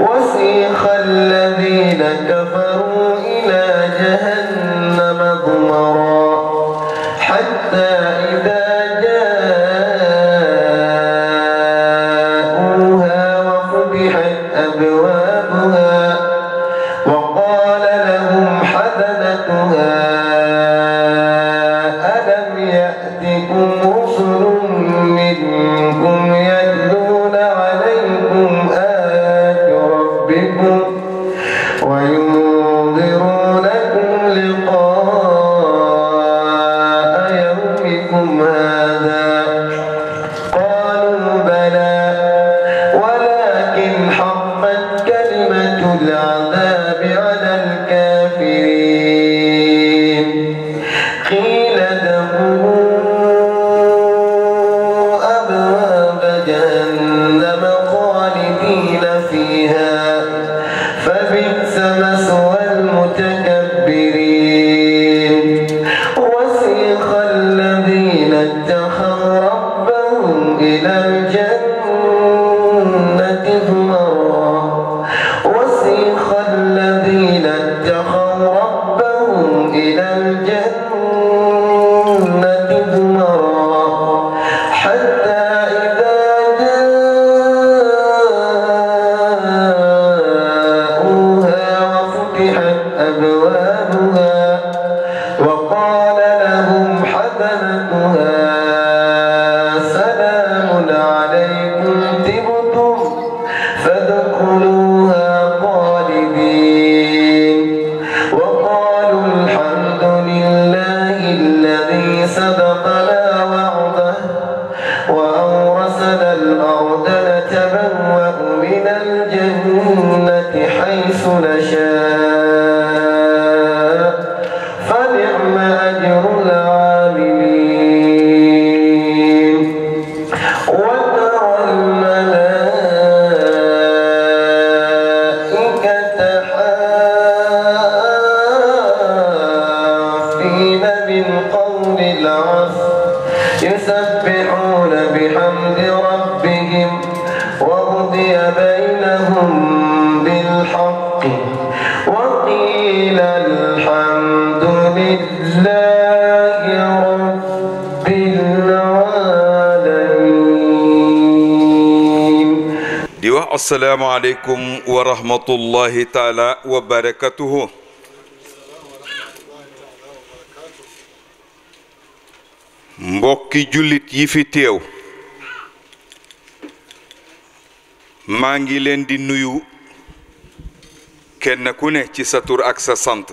وسيخ الذين كفروا السلام عليكم ورحمة الله تعالى وبركاته mbokki jullit yi fi teew maa ngi leen di nuyu kenn ku ne ci sa tur ak sa sant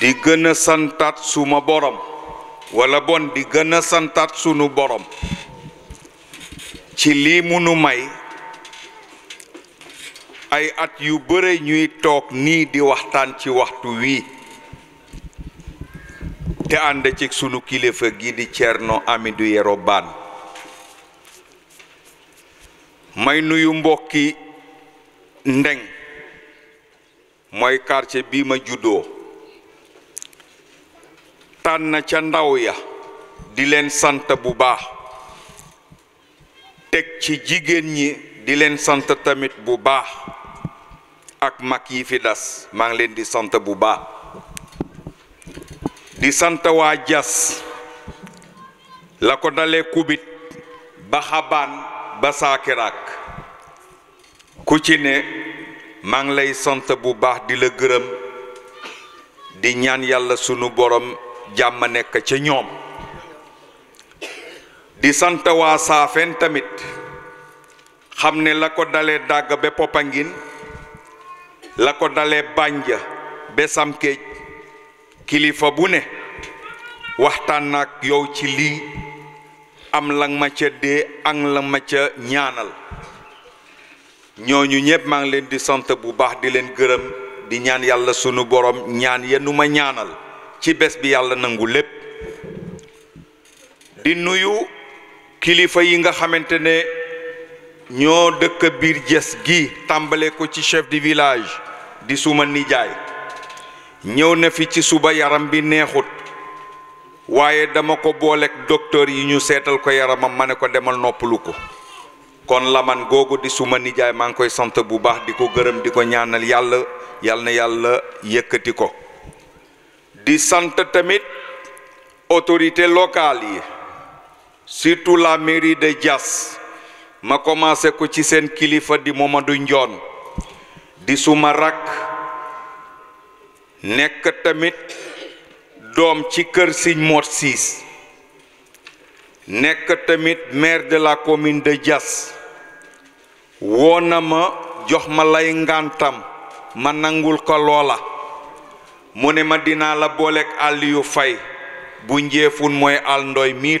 di gën a santaat suma borom wala bon di gën a santaat sunu borom ci lii munu may ay at yu bare ñuy toog nii di waxtaan ci waxtu wii te ànd ci sunu kilifa gi di Thierno Amidou Yero Bane may nuyu mbokki Ndeng mooy quartier bi ma juddoo tànn ca ndaw ya di leen sant bu baax teg ci ñi di leen sant tamit bu baax ak mag yi fi das ngi di sant bu baax di sant waa jas la ko kubit ba xabaan ba saakiraak ku ci ne maa ngi lay bu baax di la gërëm di ñaan yàlla sunu borom jàmm nekk ca ñoom di sant waa saafeen tamit xam ne la ko dalee dàgg ba Popenguine la ko dalee Bandia ba Samkéej kilifa bu ne waxtaan naag yow ci am lang ma ca ang lang ma ca ñaanal ñooñu ñëpp ngi di sant bu baax di leen gërëm di ñaan yàlla sunu borom ñaan yenu ya numa ñaanal ci bés bi di nuyu kilifa yi nga xamante ne ñoo dëkk biir Diass gi tàmbale ko ci chef du village di suma nijaay ñëw na fi ci suba yaram bi neexut waaye dama ko booleek docteur yi ñu seetal ko yaramam ma ne ko demal noppalu ko kon laman googu di suma nijaay maa ngi koy sant bu baax di ko gërëm di ko ñaanal yàlla yàlla na yàlla yëkkati ko di sant tamit autorité locale yi Situ la mairie de Diass ma commencé ko ci seen kilifa di Mamadou Ndione di suma rak nekk tamit doom ci kër Siñ Mor Siis tamit maire de la commune de Diass woo jox ma lay ngantam ma nangul ko loola mu ne ma dinaa la booleeg àll bu ndoy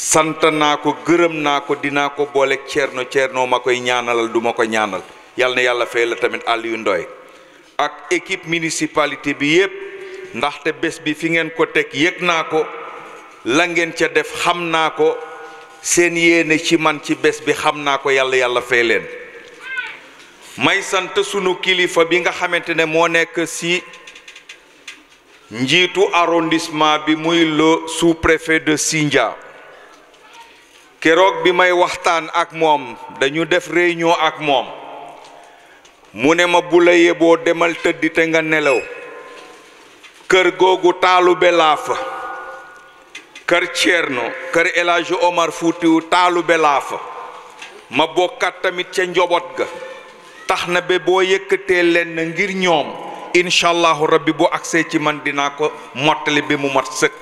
sant naa ko gërëm naa ko dinaa ko boole ceerno ceerno ma koy ñaanalal duma ko ñaanal yàlla na yàlla fay la tamit Aliou Ndoye ak équipe municipalité bi yépp ndaxte bés bi fi ngeen ko teg yëg naa ko la ngeen ca def xam naa ko seen yéene ci man ci bés bi xam naa ko yàlla yàlla fay leen may sant sunu kilifa bi nga xamante ne moo nekk si njiitu arrondissement bi muy le sous de Sindia keroog bi may waxtaan ak moom dañu def réunion ak moom mu ne ma bu la yeboo demal tëddi te nga nelaw kër googu taalube laa fa kër Ceerno kër El Omar Fuutiyu taalube laa fa ma bokkat tamit ca njaboot ga tax na ba boo yëkkatee lenn ngir ñoom incha allahu rabbi bu agsee ci man dinaa ko mottali bi mu mat sëkk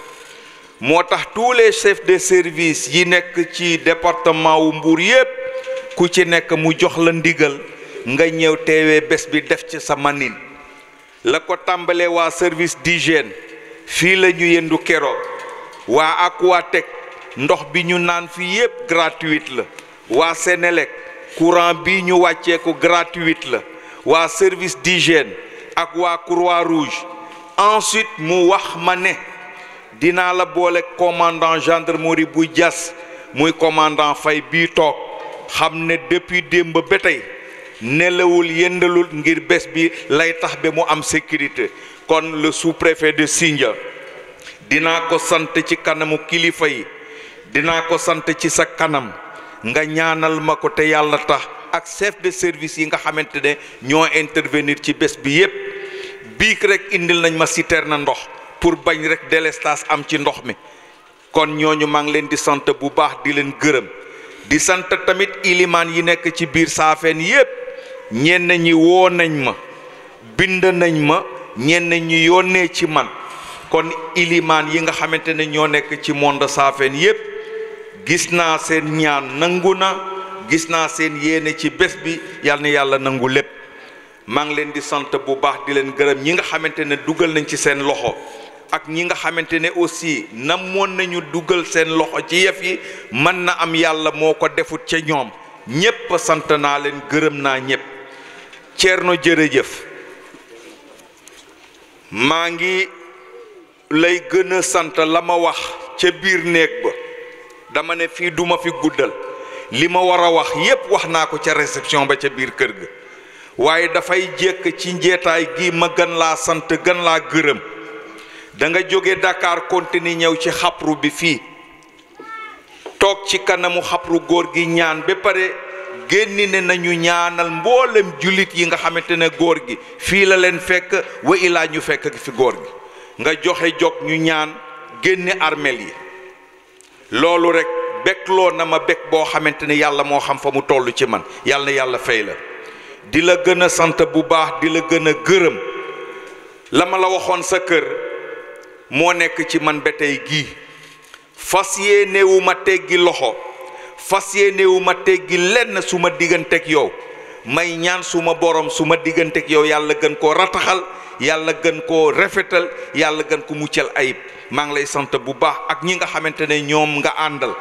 moo tax tous les chefs de service yi nekk ci département wu Mbour yépp ku ci nekk mu jox la ndigal nga ñëw teewee bés bi def ca sa manin la ko tàmbalee waa service d'hygiène fii la ñu yendu keroog waa ak Aquatec ndox bi ñu naan fii yépp gratuite la waa Sénélec courant bi ñu wàccee ko gratuite la waa service d'hygiène ak waa Croix-Rouge ensuite mu wax ma ne dinaa la boole commandant gendarmerie bu Diass muy commandant Faye bii toog xam ne depuis démb ba nelawul ngir bés bi lay tax ba mu am sécurité kon le sous-préfet de Sindia dinaa ko sant ci kanamu kilifa yi dinaa ko sant ci sa kanam nga ñaanal ma te yàlla tax ak chef de service yi nga xamante ne intervenir ci bi yépp rek indil nañ ma citerne ndox pour bañ rek délestage am ci ndox mi kon ñooñu maa ngi leen di sant bu baax di leen gërëm di sant tamit ilimaan yi nekk ci biir saafeen yépp ñenn ñi woo nañ ma bind nañ ma ñenn ñi yónnee ci man kon ilimaan yi nga xamante ne ñoo nekk ci monde saafeen yépp gis naa seen ñaan nangu na gis naa seen yéene ci bés bi yal na yàlla nangu lépp maa ngi leen di sant bu baax di leen gërëm ñi nga xamante ne dugal nañ ci seen loxo ak ñi nga xamante ne aussi namoon nañu dugal seen loxo ci yëf yi mën na am yàlla moo ko defut ca ñoom ñépp sant naa leen gërëm naa ñépp Thierno jërëjëf maa ngi lay gën a sant la ma wax ca biir néeg ba dama ne fii duma fi guddal li ma war a wax yépp wax naa ko ca réception ba ca biir kër gi waaye dafay jékk ci njeetaay gi ma gën laa sant gën laa gërëm danga nga jóge Dakar ni ñëw ci xapru bi fii toog ci kanamu xapru góor gi ñaan ba pare génn ne nañu ñaanal mboolem jullit yi nga xamante ne góor gi fii la leen fekk wa ilaa ñu fekk fi góor gi nga joxe jog ñu ñaan génne armeel yi loolu rek bekloo na ma bek boo xamante ne yàlla moo xam fa mu toll ci man yàlla yàlla fay la di la gën a sant bu baax di la gën a gërëm la ma la waxoon sa kër moo nekk ci man ba tey gii fas yéene wu ma teggi loxo fas yéene wu ma teggi lenn su ma digganteeg yow may ñaan suma borom su ma digganteeg yow yàlla gën koo rataxal yàlla gën koo rafetal yàlla gën ko muccal ayib maa ngi lay sant bu baax ak ñi nga xamante ne ñoom nga àndal.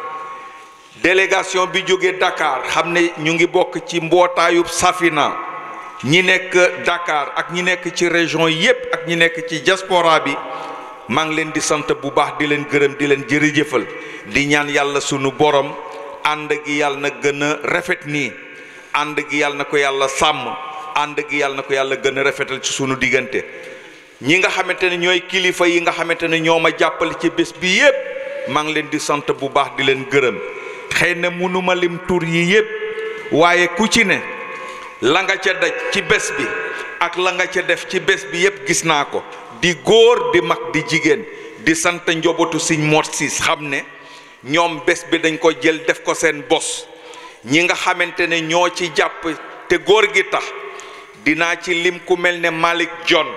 délégation bi jóge Dakar xam ne ñu ngi bokk ci mbootaayub Safina ñi nekk Dakar ak ñi nekk ci région yépp ak ñi nekk ci diaspora bi. maa ngi leen di sant bu baax di leen gërëm di leen jërëjëfal di ñaan yàlla sunu borom ànd gi yàlla na gën a rafet nii ànd gi yàlla na ko yàlla sàmm ànd gi yàlla na ko yàlla gën a rafetal ci sunu diggante ñi nga xamante ne ñooy kilifa yi nga xamante ne ñoo ma jàppale ci bés bi yépp maa ngi leen di sant bu baax di leen gërëm xëy na mënuma lim tur yi yépp waaye ku ci ne la nga ca daj ci bés bi ak la nga ca def ci bés bi yépp gis naa ko di góor di mak di Jigen di sant njobootu siñ morsi Siis nyom bes bedeng bi dañ ko jël def ko seen bos ñi nga xamante ne ñoo ci jàpp te góor gi tax ci lim ku ne Malik John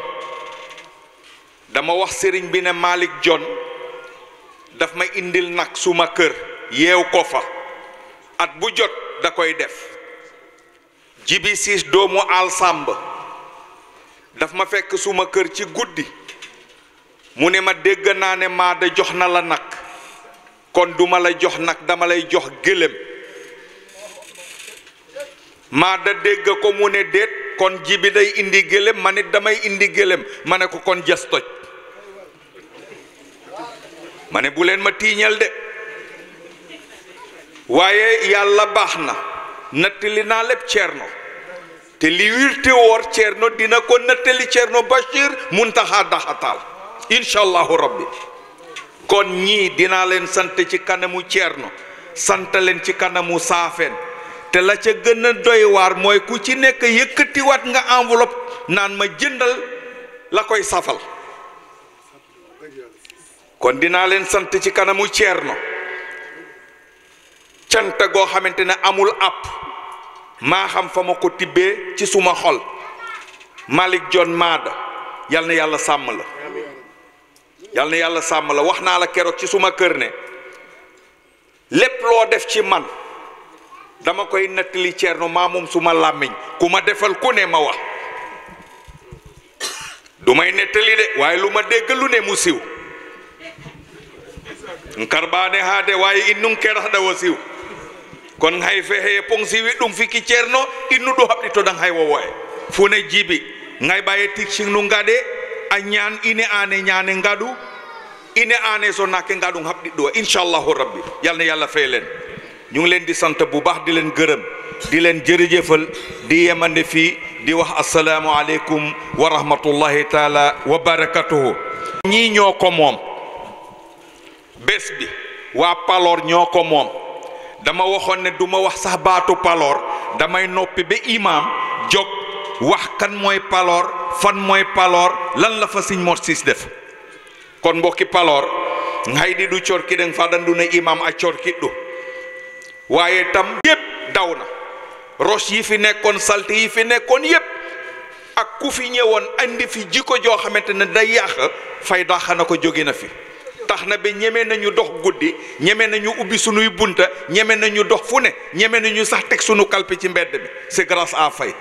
dama wax sëriñ bi ne John daf ma indil nag suma kër yeew ko fa at bu jot da koy def jibi domo al alsamba daf ma fekk suma kër ci guddi mu ne ma dégg naa ne maada jox na la nag kon duma la jox nag dama lay jox gëléem maada dégg ko mu ne déet kon ji bi day indi gëléem man it damay indi gëléem ma ne ko kon jas toj ma ne bu leen ma tiiñal de waaye yàlla baax na nattali naa lépp ceerno te li wirte woor Ceerno dina ko nettali Ceerno Bachir Muntaxa Daxataal incha allahu bi kon ñii dinaa leen sant ci kanamu Ceerno sant leen ci kanamu Saafeen te la ca gën a doy waar mooy ku ci nekk yëkkatiwaat nga enveloppe naan ma jëndal la koy safal kon dinaa leen sant ci kanamu Ceerno cant goo xamante ne amul àpp maa xam fa ma ko tibbee ci suma xol Malick John Maada yal yàlla sàmm la yal yàlla sàmm la wax naa la keroog ci suma kër ne lépp loo def ci man dama koy nettali Ceerno maa moom suma làmmiñ ku ma defal ku ne ma wax du may nettali de waaye lu ma dégg lu ne mu siw nkar baane haade waaye innun kerax dawa siw kon hay fehe pong siwi dum fiki cerno inu do habdi to dang hay wowo fune jibi ngay baye teaching nu ngade a ine ane nyane ngadu ine ane so nakke ngadu habdi do insyaallah rabbi yalna yalla fay len ñu ngi len di sante bu baax di len gërem di len jërëjëfal di yemande fi di wax assalamu alaikum wa rahmatullahi taala wa barakatuh ñi ñoko mom bes bi wa palor ñoko mom dama waxoon ne du ma wax sax baatu paloor damay noppi ba imaam jóg wax kan mooy paloor fan mooy palor lan la fa siñ mor def kon mbokki paloor ngaydi du corkiɗen fa ne imam a corkiɗɗo waye tam yépp dawna roche yi fi nekkoon salte yi fi nekkoon yépp ak ku fi ñëwoon andi fi jikko day fay ko fi tax na ba ñeme nañu dox guddi ñeme nañu ubbi sunuy bunta ñeme nañu dox fu ne ñeme nañu sax teg sunu kalpe ci mbedd bi c'est grâce à Faye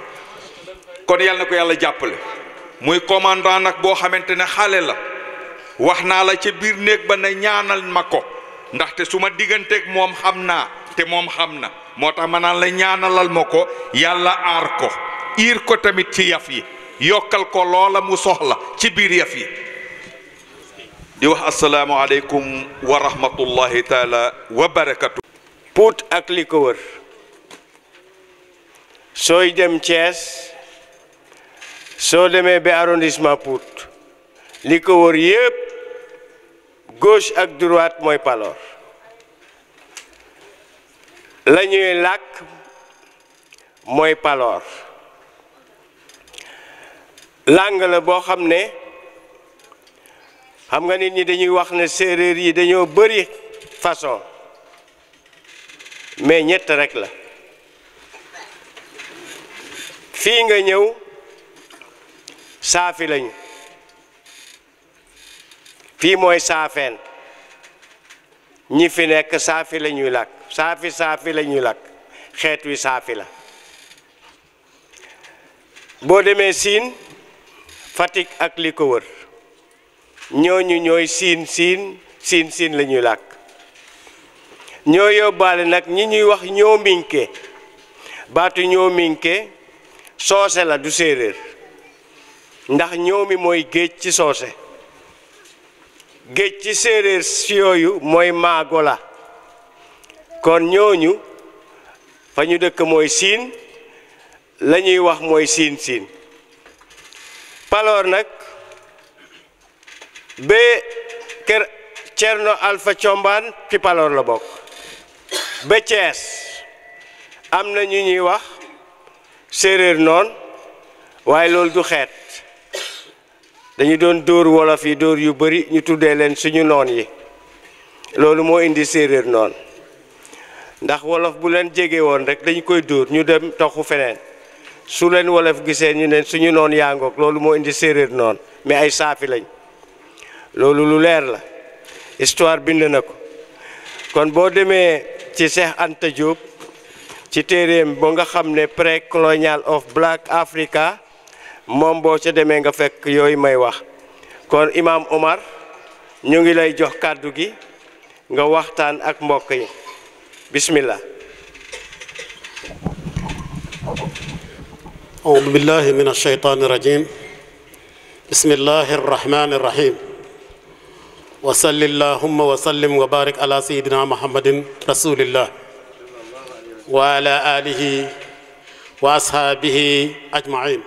kon yàlla na ko yàlla jàppale muy commandant nag boo xamante ne xale la wax naa la ca biir néeg ba ne ñaanal ma ko ndaxte su ma digganteeg moom xam naa te moom xam na moo tax ma naan la ñaanalal ma ko yàlla aar ko iir ko tamit ci yaf yi yokkal ko loola mu soxla ci biir yaf yi di wax alaykum wa rahmatullahi taala wa barakatuh Pout ak li ko wër sooy dem Thiès soo demee ba arrondissement Pout li ko wër yépp gauche ak droite mooy Palor la ñuy làkk mooy Palor langue la boo xam xam nga nit ñi dañuy wax ne séeréer yi dañoo bari façon mais ñett rekk la fii nga ñëw saafi lañu fii mooy saafeen ñi fi nekk saafi lañuy ñuy làkk saafi saafi lañuy ñuy làkk xeet wi saafi la boo demee siin Fatick ak li ko wër ñooñu ñooy siin siin siin siin lañuy làkk ñoo yóbbaale nag ñi ñuy wax ñoo minke baatu ñoo minke soose la du séeréer ndax mi mooy géej ci soose géej ci séeréer yooyu mooy maago la kon ñooñu fa ñu dëkk mooy siin lañuy wax mooy siin siin paloor nag ba kër Cerno Alpha Combaan Pipaloor la bokk ba Thiès am na ñu ñuy wax séeréer noon waaye loolu du xeet dañu doon dóor wolof yi dóor yu bari ñu tuddee leen suñu noon yi loolu moo indi séeréer noon ndax wolof bu leen jege woon rek dañ koy dóor ñu dem toxu feneen su leen wolof gisee ñu ne suñu noon yaa ngoog loolu moo indi séeréer noon mais ay saafi lañ loolu lu leer la histoire bind kon boo demee ci Cheikh Anta Diop ci téeréem nga ne pre-colonial of Black Africa moom boo ca demee nga fekk may wax kon Imam Omar ñu ngi lay jox kàddu gi nga waxtaan ak mbokk yi bismillah أعوذ بالله من الشيطان الرجيم بسم الله الرحمن الرحيم wa salli allahumma wa sallim wa barik ala sayidina muhammadin rasulillah wa ala alihi wa ashaabihi ajmain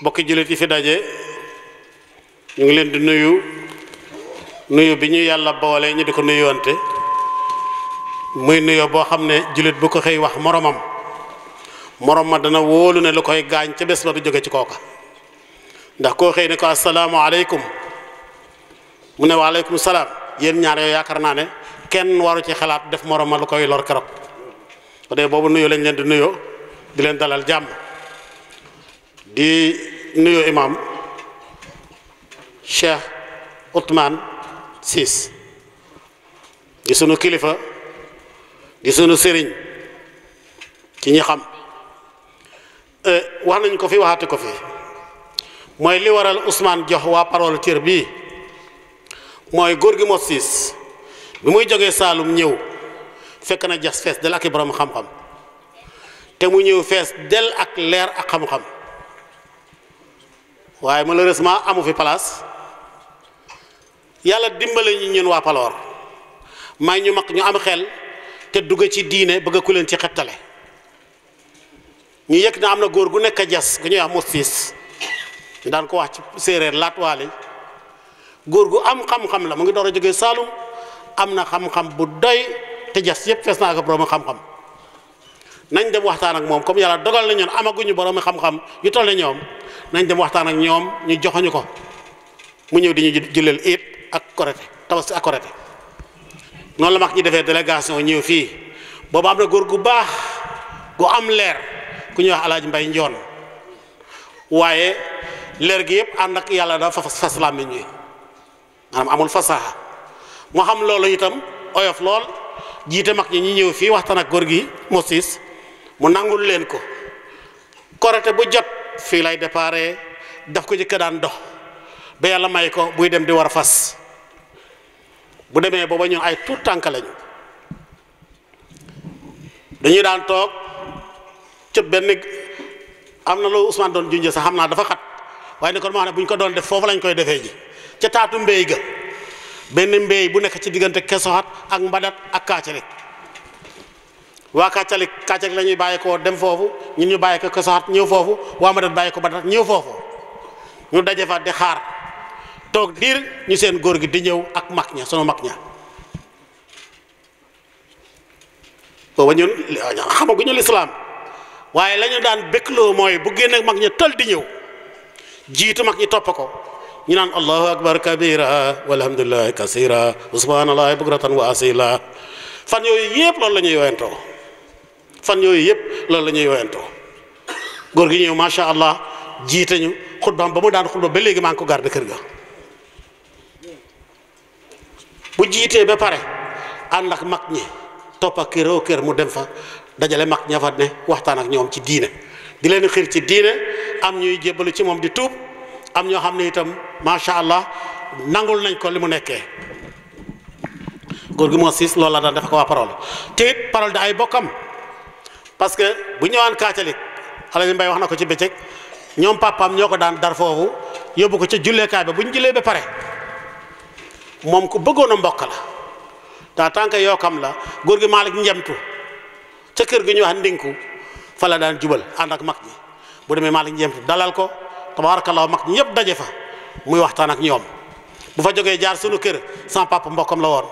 bokki jullit yi fi daje ñu ngi leen di nuyu nuyu bi ñu yàlla boole ñu di ko nuyuwante muy nuyoo boo xam ne jullit bu ko xëy wax moromam morom ma dana wóolu ne lu koy gaañ ca bés ba du jóge ci kooka ndax ko xëy ne ko asalaamaaleykum mu ne waaleykum salaam yéen ñaar yooyu yaakaar naa ne kenn waru ci xalaat def morom ma lu koy lor keroog bu boobu nuyoo lañ leen di nuyoo di leen dalal jàmm di nuyoo imaam Cheikh Ousmane siis di suñu kilifa di sunu sëriñ ci ñi xam eh, wax nañ ko fi waxaati ko fi mooy li waral Ousmane jox waa parole cër bii. mooy góor gi moo fiis bi muy jógee Saalum ñëw fekk na jax fees del ak i borom xam-xam te mu ñëw fees del ak leer ak xam-xam waaye malheureusement amu fi place yàlla dimbale ñu ñun waa Paloor may ñu mag ñu am xel te dugg ci diine bëgg ku leen ci xettale ñu yëg na am na góor gu nekk jas gu ñuy wax mu siis ñu daan ko wax ci séeréer laat waali góor gu am xam-xam la mu ngi door a jógee Saalum am na xam-xam bu doy te jas yëpp fees naa ko borom xam-xam nañ dem waxtaan ak moom comme yàlla dogal na ñoon amaguñu borom xam-xam yu toll ne ñoom nañ dem waxtaan ak ñoom ñu joxoñu ko mu ñëw di ñu julleel it ak korete tabaski ak korete noonu la mag ñi defee délégation ñëw fii boobu am na góor gu baax gu am leer ku ñuy wax alaaj mbay njoon waaye leer gi yëpp ànd ak yàlla dafa fas fas làmmiñ wi maanaam amul fasaxa mu xam loolu itam oyof lool jiite mag ñi ñi ñëw fii waxtaan ak góor gi mosis mu nangul leen ko korete bu jot fii lay déparé daf ko jëkk daan dox ba yàlla may ko buy dem di war a fas bu demee booba ñun ay tuut tànk lañu dañuy daan toog cëb benn am na lu Ousmane doon junjee sax xam naa dafa xat waaye ni kon moo xam ne bu ko doon def foofu lañ koy defee ji ca taatu mbéy ga benn mbéy bu nekk ci diggante kesoxat ak mbadat ak kaacalik waa kaacalik kaacalik lañuy ñuy bàyyi ko dem foofu ñun ñu bàyyi ko ñëw foofu waa mbadat ko mbadat ñëw foofu ñu daje fa di xaar toog diir ñu seen góor gi di ñëw ak mag ña sunu mag ña booba ñun xamaguñu lislaam waaye la daan békloo mooy bu génne mag ña tël di ñëw jiitu mag ñi topp ko ñu naan allahu akbar kabira walhamdulillah kasira wa subhanallahi bukratan wa asila fan yooyu yëpp loolu la ñuy yoyantoo fan yooyu yëpp loolu la allah jiite ñu xutbaam ba mu daan xutba ba léegi maa ko garde kër ga bu jiitee ba pare ànd ak mag ñi topp ak kër mu dem fa dajale mag ña fa ne waxtaan ak ñoom ci diine di leen ci am ñuy jébbalu ci moom di am ñoo xam ne itam macha allah nangul nañ ko li mu nekkee góor gi moo siis loolu la daan dafa ko waa parole te it parole da ay bokkam parce que bu ñëwaan catholique alaji mbay wax na ko ci bëccëg ñoom papaam ñoo ko daan dar foofu yóbbu ko ca julleekaay ba bu ñu jullee ba pare moom ku bëggoon a mbokk la daa tànk yookam la góor gi Malick njemtu ca kër gi ñu wax ndinku fa la daan jubal ànd ak mag ñi bu demee Malick njemtu dalal ko tabaarakallaahu mag ñëpp daje fa muy waxtaan ak ñoom bu fa jógee jaar sunu kër sans papa mbokkam la woon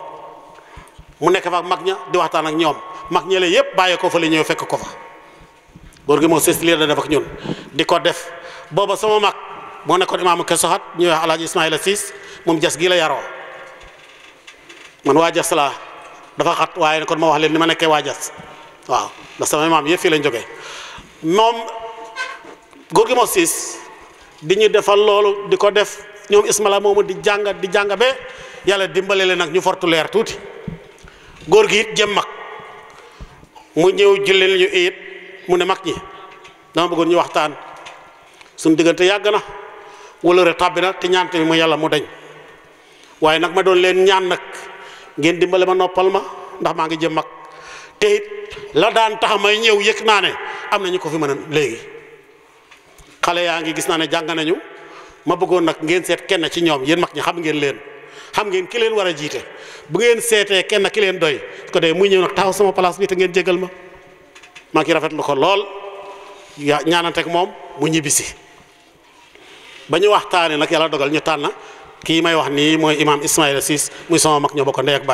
mu nekk fa mag ña di waxtaan ak ñoom mag ñële yëpp bàyyee ko fa li ñëw fekk ko fa góor gi moo sës lii la def ñun di ko def booba sama mag moo nekkoon imaamu kër soxat ñuy wax alaaji Ismaila Siis moom jas gii la yaroo man waa jas laa dafa xat waaye kon ma wax leen ni ma nekkee waa jas waaw ndax sama imaam yëpp fii lañ jógee moom góor siis di ñu defal loolu di ko def ñoom ismala moomu di jàng di jàng be yàlla dimbale leen nag ñu fortu leer tuuti góor gi it jëm mag mu ñëw julleen ñu it mu ne mag ñi dama bëggoon ñu waxtaan suñ diggante yàgg na wala re tàbbi na te ñaante bi mu yàlla mu dañ waaye nag ma doon leen ñaan nag ngeen dimbale ma noppal ma ndax maa ngi jëm mag te it la daan tax may ñëw yëg naa ne am na ñu ko fi mën a léegi xale yaa ngi gis naa ne ma bëggoon nag ngeen seet kenn ci ñoom yéen mag ñi xam ngeen leen xam ngeen ki leen sete ken jiite bu ngeen seetee kenn ki leen doy ko dee muy ñëw taxaw sama place bi te ngeen jégal ma maa ngi rafetlu ko lool yaa ñaanante ak banyu mu ñibbisi ba ñu waxtaanee nag yàlla dogal ñu tànn kii may wax nii mooy imaam Ismaïla Ciss muy sama mag ñoo bokk ndey ak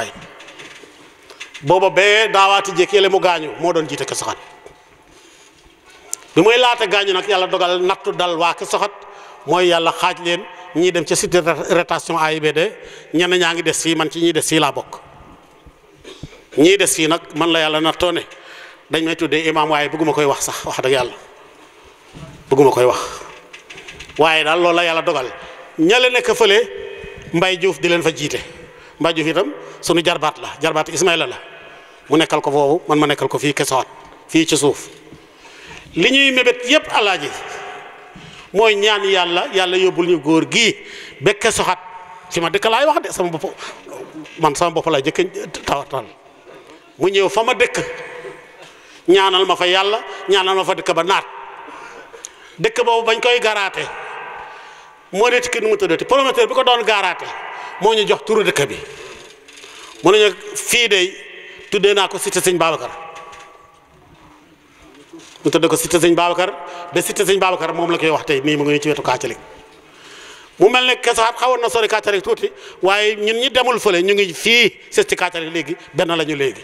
mu doon ko bi muy laate gaañu nag yàlla dogal nattu daal waa ki soxat mooy yàlla xaaj leen ñii dem ca site de rétention AIBD ñenn ñaa ngi des fii man ci ñii des fii laa bokk ñii des fii nag man la yàlla nattoo dañ may tuddee imaam waaye bëgguma koy wax sax wax dëgg yàlla bëgguma koy wax waaye daal loolu la yàlla dogal ñale nekk fële mbay Diouf di leen fa jiite Mbaye Diouf itam sunu jarbaat la jarbaat Ismaïla la mu nekkal ko foofu man ma nekkal ko fii kesoot fii ci suuf li ñuy mébét yépp alaaji mooy ñaan yàlla yàlla yóbbul ñu góor gii bekke soxat ci ma dëkk laay wax de sama bopp man sama bopp laay jëkk tawatal mu ñëw fa ma dëkk ñaanal ma fa yàlla ñaanal ma fa dëkk ba naat dëkk boobu bañ koy garaate moo dee ki nu mu tuddati promoteur bi ko doon garaate moo ñu jox turu dëkk bi mu ne fii de tuddee naa ko cité sëñ Babacar mu tëdd ko cité sëñ Babacar ba cité sëñ Babacar moom la koy wax tey nii mu ngi ci wetu Kaacalik mu mel ne Kesaat xawoon na sori Kaacalik tuuti waaye ñun ñi demul fële ñu ngi fii sës ci Kaacalik léegi benn la ñu léegi.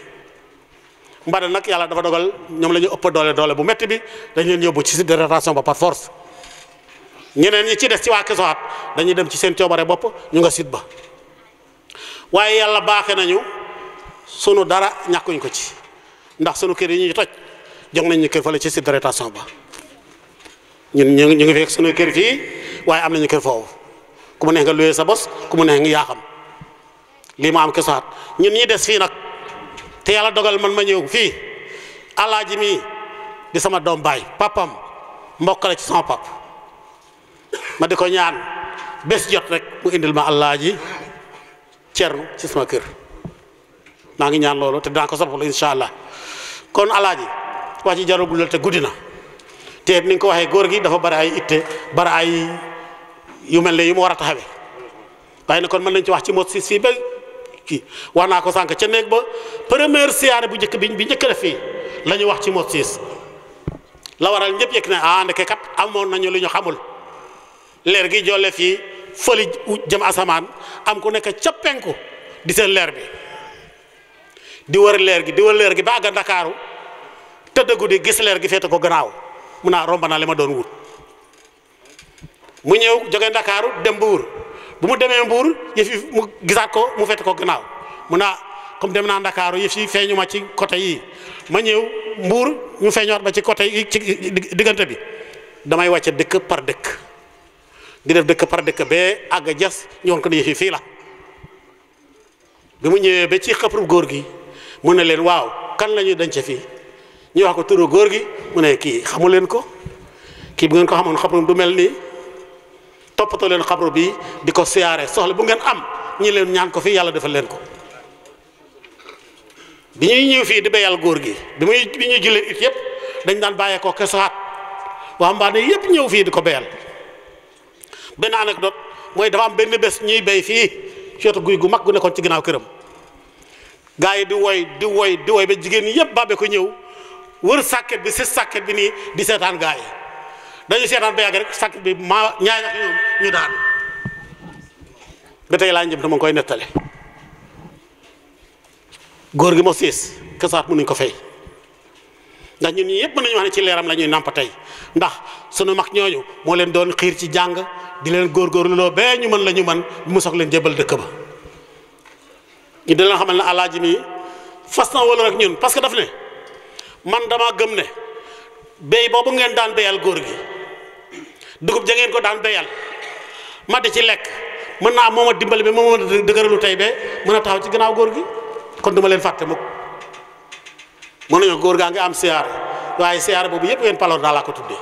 Mbadal nag yàlla dafa dogal ñoom la ñu ëpp doole doole bu métti bi dañ leen yóbbu ci site de rétention ba par force ñeneen ñi ci des ci waa Kesaat dañuy dem ci seen coobare bopp ñu nga sit ba waaye yàlla baaxe nañu sunu dara ñàkkuñ ko ci ndax sunu kër yi ñuy toj. jox nañ ñu kër fële ci site de rétention ba ñun ñu ñu ngi fekk suñu kër fii waaye am nañu kër foofu ku mu neex nga luyee sa bos ku mu neex nga yaa xam lii am kër saat ñun ñi des fii nag te yàlla dogal man ma ñëw fii alaaji mii di sama doom baay papam mbokk la ci sama pap ma di ñaan bés jot rek mu indil ma alaaji cernu ci sama kër maa ngi ñaan loolu te dinaa ko soppal incha allah kon alaaji wax ci jarugul la te guddi na te ni nga ko waxee góor gi dafa bari ay itte bari ay yu mel ne yu mu war a taxawee waaye ne kon man nañ ci wax ci mot si si ba kii wax naa ko sànq ca néeg ba première siyaare bu njëkk bi bi njëkk la fii la wax ci mot siis la waral ñëpp yëg ne ah ndeke kat amoon nañu lu ñu xamul leer gi jolle fii fëli jëm asamaan am ku nekk ca penku di seen leer bi di wër leer gi di wër leer gi ba àgg Ndakaaru tëdd guddi gis leer gi féete ko gannaaw mun naa romb naa li ma doon wut mu ñëw jóge ndakaaru dem mbuur bu mu demee mbuur yëf yi mu gisaat ko mu féete ko gannaaw mun a comme dem naa ndakaaru yëf yi feeñu ma ci côté yii ma ñëw mbuur ñu feeñoot ba ci côté yi ci diggante bi damay wàcce dëkk par dëkk di def dëkk par dëkk bee àgg jas ñoon ko ne yëf yi fii la bi mu ñëwee ba ci xëprub góor gi mu ne leen waaw kan la ñuy denc fii ñu wax ko turu góor gi mu ne kii xamu leen ko kii bu ngeen ko xamoon xabru du mel nii toppatoo leen xabru bi di ko siyaare soxla bu ngeen am ñi leen ñaan ko fii yàlla defal leen ko bi ñuy ñëw fii di béyal góor gi bi muy bi ñuy jullee it yëpp dañ daan bàyyeekoo kesaat waa mbaane yëpp ñëw fii di ko béyal benn anecdote mooy dafa am benn bés ñuy béy fii ci guy gu mag gu nekkoon ci ginnaaw këram gaa yi di woy di woy di woy ba jigéen ñi yëpp baabe ko wër sàkket bi si sàkket bi nii di seetaan gaa yi dañu seetaan ba yàgg rek sàkket bi maa ñaay ak ñoom ñu daan ba tey laa njëm te ma ngi koy nettale góor gi moo siis kasaat mënuñ ko fay ndax ñun ñii yëpp mën wax ci leeram la ñuy nàmp ndax sunu mag ñooñu moo leen doon xiir ci jàng di leen góorgóorlu loo bee ñu mën la ñu mën mu soog leen jébal dëkk ba ñu di leen xamal ne alaaji mi fas na wala rek ñun parce que daf ne man dama gëm ne béy boobu ngeen daan béyal góor gi dugub ja ngeen ko daan béyal ma di ci lekk mën naa moom a dimbali bi moom a dëgëralu tey bee mën a taxaw ci gannaaw góor gi kon duma leen fàtte mukk mën nañu góor gaa ngi am waaye boobu ngeen daa ko tuddee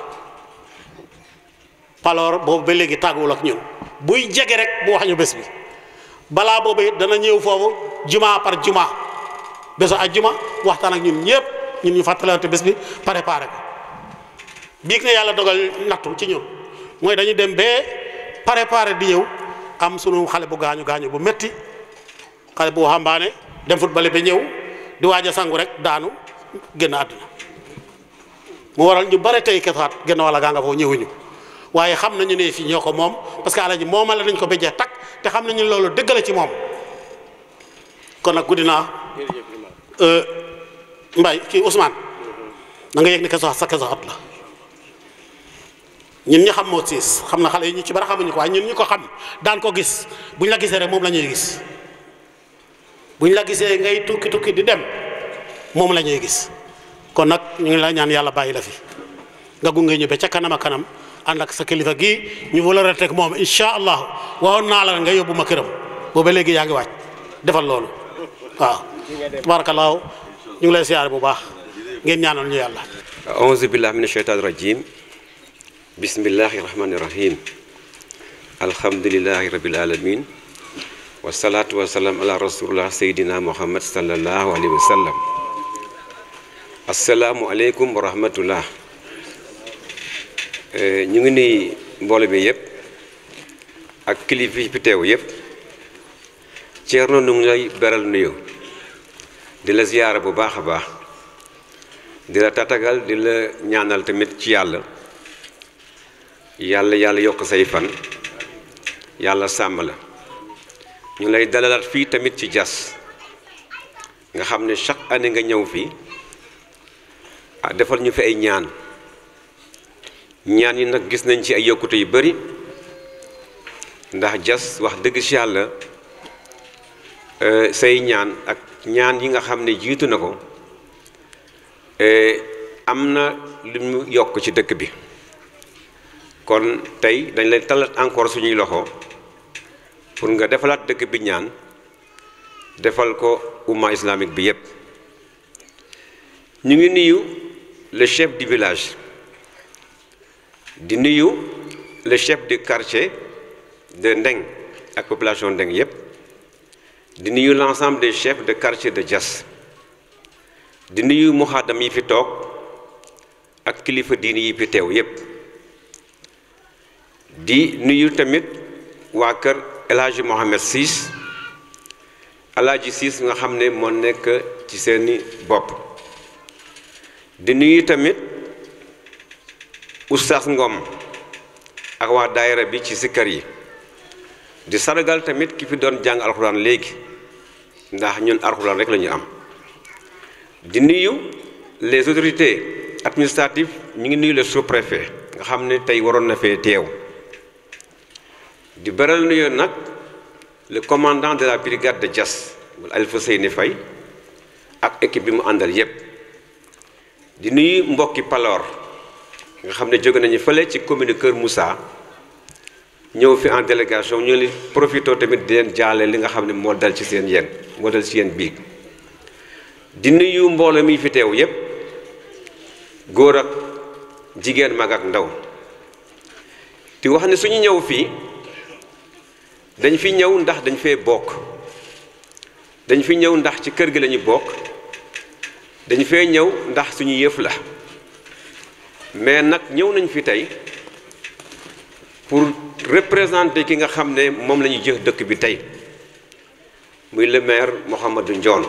palor boobu ba léegi tàgguwul ak ñun buy jege rek bu wax bés bi boobu dana ñëw foofu juma par juma bésu ajjuma waxtaan ak ñun ñëpp. yëpp ñun ñu fàttalante bés bi préparé ko bii ne yàlla dogal nattu ci ñun mooy dañu dem ba préparé di ñëw am sunu xale bu gaañu gaañu bu metti xale bu waxambaane dem football ba ñëw di waaj a sangu rek daanu génn àdduna mu waral ñu bare tey kesaat génn walla gaa nga foofu ñëwuñu waaye xam nañu ne fii ñoo ko moom parce que alal ji moomale dañ ko ba takk te xam nañu loolu déggale ci moom kon nag guddi naa Mbaye ki Ousmane da nga yëg ni kaso sa ham xat la ñun ñu xam moo siis xam na xale ci bari xamuñu ko waaye ñun ñu ko xam daan ko gis buñ la gisee rek moom la ñuy gis buñ la gisee ngay tukki tukki di dem moom la gis kon nag ñu la ñaan yàlla bàyyi la fi nga ñu ca kanam kanam ak sa ñu wala allah waxoon naa la nga yóbbu ma këram booba léegi yaa defal loolu waaw tabarakallahu ñu ngi lay siyaare bu baax ngeen ñaanal ñu yàlla aouzu billahi min asheytaani rajim bismillahi rahmani rahim alhamdulilahi rabil alamin wasalaatu wasalaam ala rasulillah seydina muhammad salallahu alayhi wa sallam asalaamualeykum wa eh, ñu ngi nuy mboolo bi yëpp ak kilifa yi fi teew yëpp Ceerno nu ngi lay beral nuyoo di la ziyaara bu baax a baax di la tatagal di la ñaanal tamit ci yàlla yàlla yàlla yokk say fan yàlla sàmm la ñu lay dalalaat fii tamit ci jas nga xam ne chaque année nga ñëw fii ah defal ñu fi ay ñaan ñaan yi nag gis nañ ci ay yokkute yu bari ndax jas wax dëgg si yàlla Euh, say ñaan ak ñaan yi nga xam ne jiitu na ko euh, am na lu mu yokk ci dëkk bi kon tey dañ leen talat encore suñuy loxo pour nga defalaat dëkk bi ñaan defal ko umma islamique bi yépp ñu ngi nuyu le chef du village di nuyu le chef du quartier de Ndeng ak population Ndeng yépp di nuyu l'ensemble des chef de quartier de Diass di nuyu muxaadam yi fi toog ak kilifa diini yi fi teew yépp di nuyu tamit waa kër El Hadji Mohamed Ciss El nga xam ne moo nekk ci seeni bopp di nuyu tamit oustaz Ngom ak waa daayira bi ci sikkar yi di sargal tamit ki fi doon jàng alxuraan léegi ndax ñun alxuraan rek la ñu am di nuyu les autorités administratives ñu ngi nuyu le sous-préfet nga xam ne tey waroon na fee teew di beral nuyu nag le commandant de la brigade de Diass wala Alpha Seyni Faye ak équipe bi mu àndal yépp di nuyu mbokki Palor nga xam ne jóge nañu fële ci commune Kër Moussa ñëw fi en délégation ñu li profité tamit di leen li nga xam ne moo dal ci seen yéen moo dal ci yéen biig di nuyu mbooloo mi fi teew yépp góor ak jigéen mag ak ndaw di wax ne suñu ñëw fii dañ fi ñëw ndax dañ fee bokk dañ fi ñëw ndax ci kër gi lañuy bokk dañ fee ñëw ndax suñu yëf la mais nag ñëw nañ fi tey pour représenter ki nga xam ne moom la ñu jëf dëkk bi tey muy le maire njoon Ndione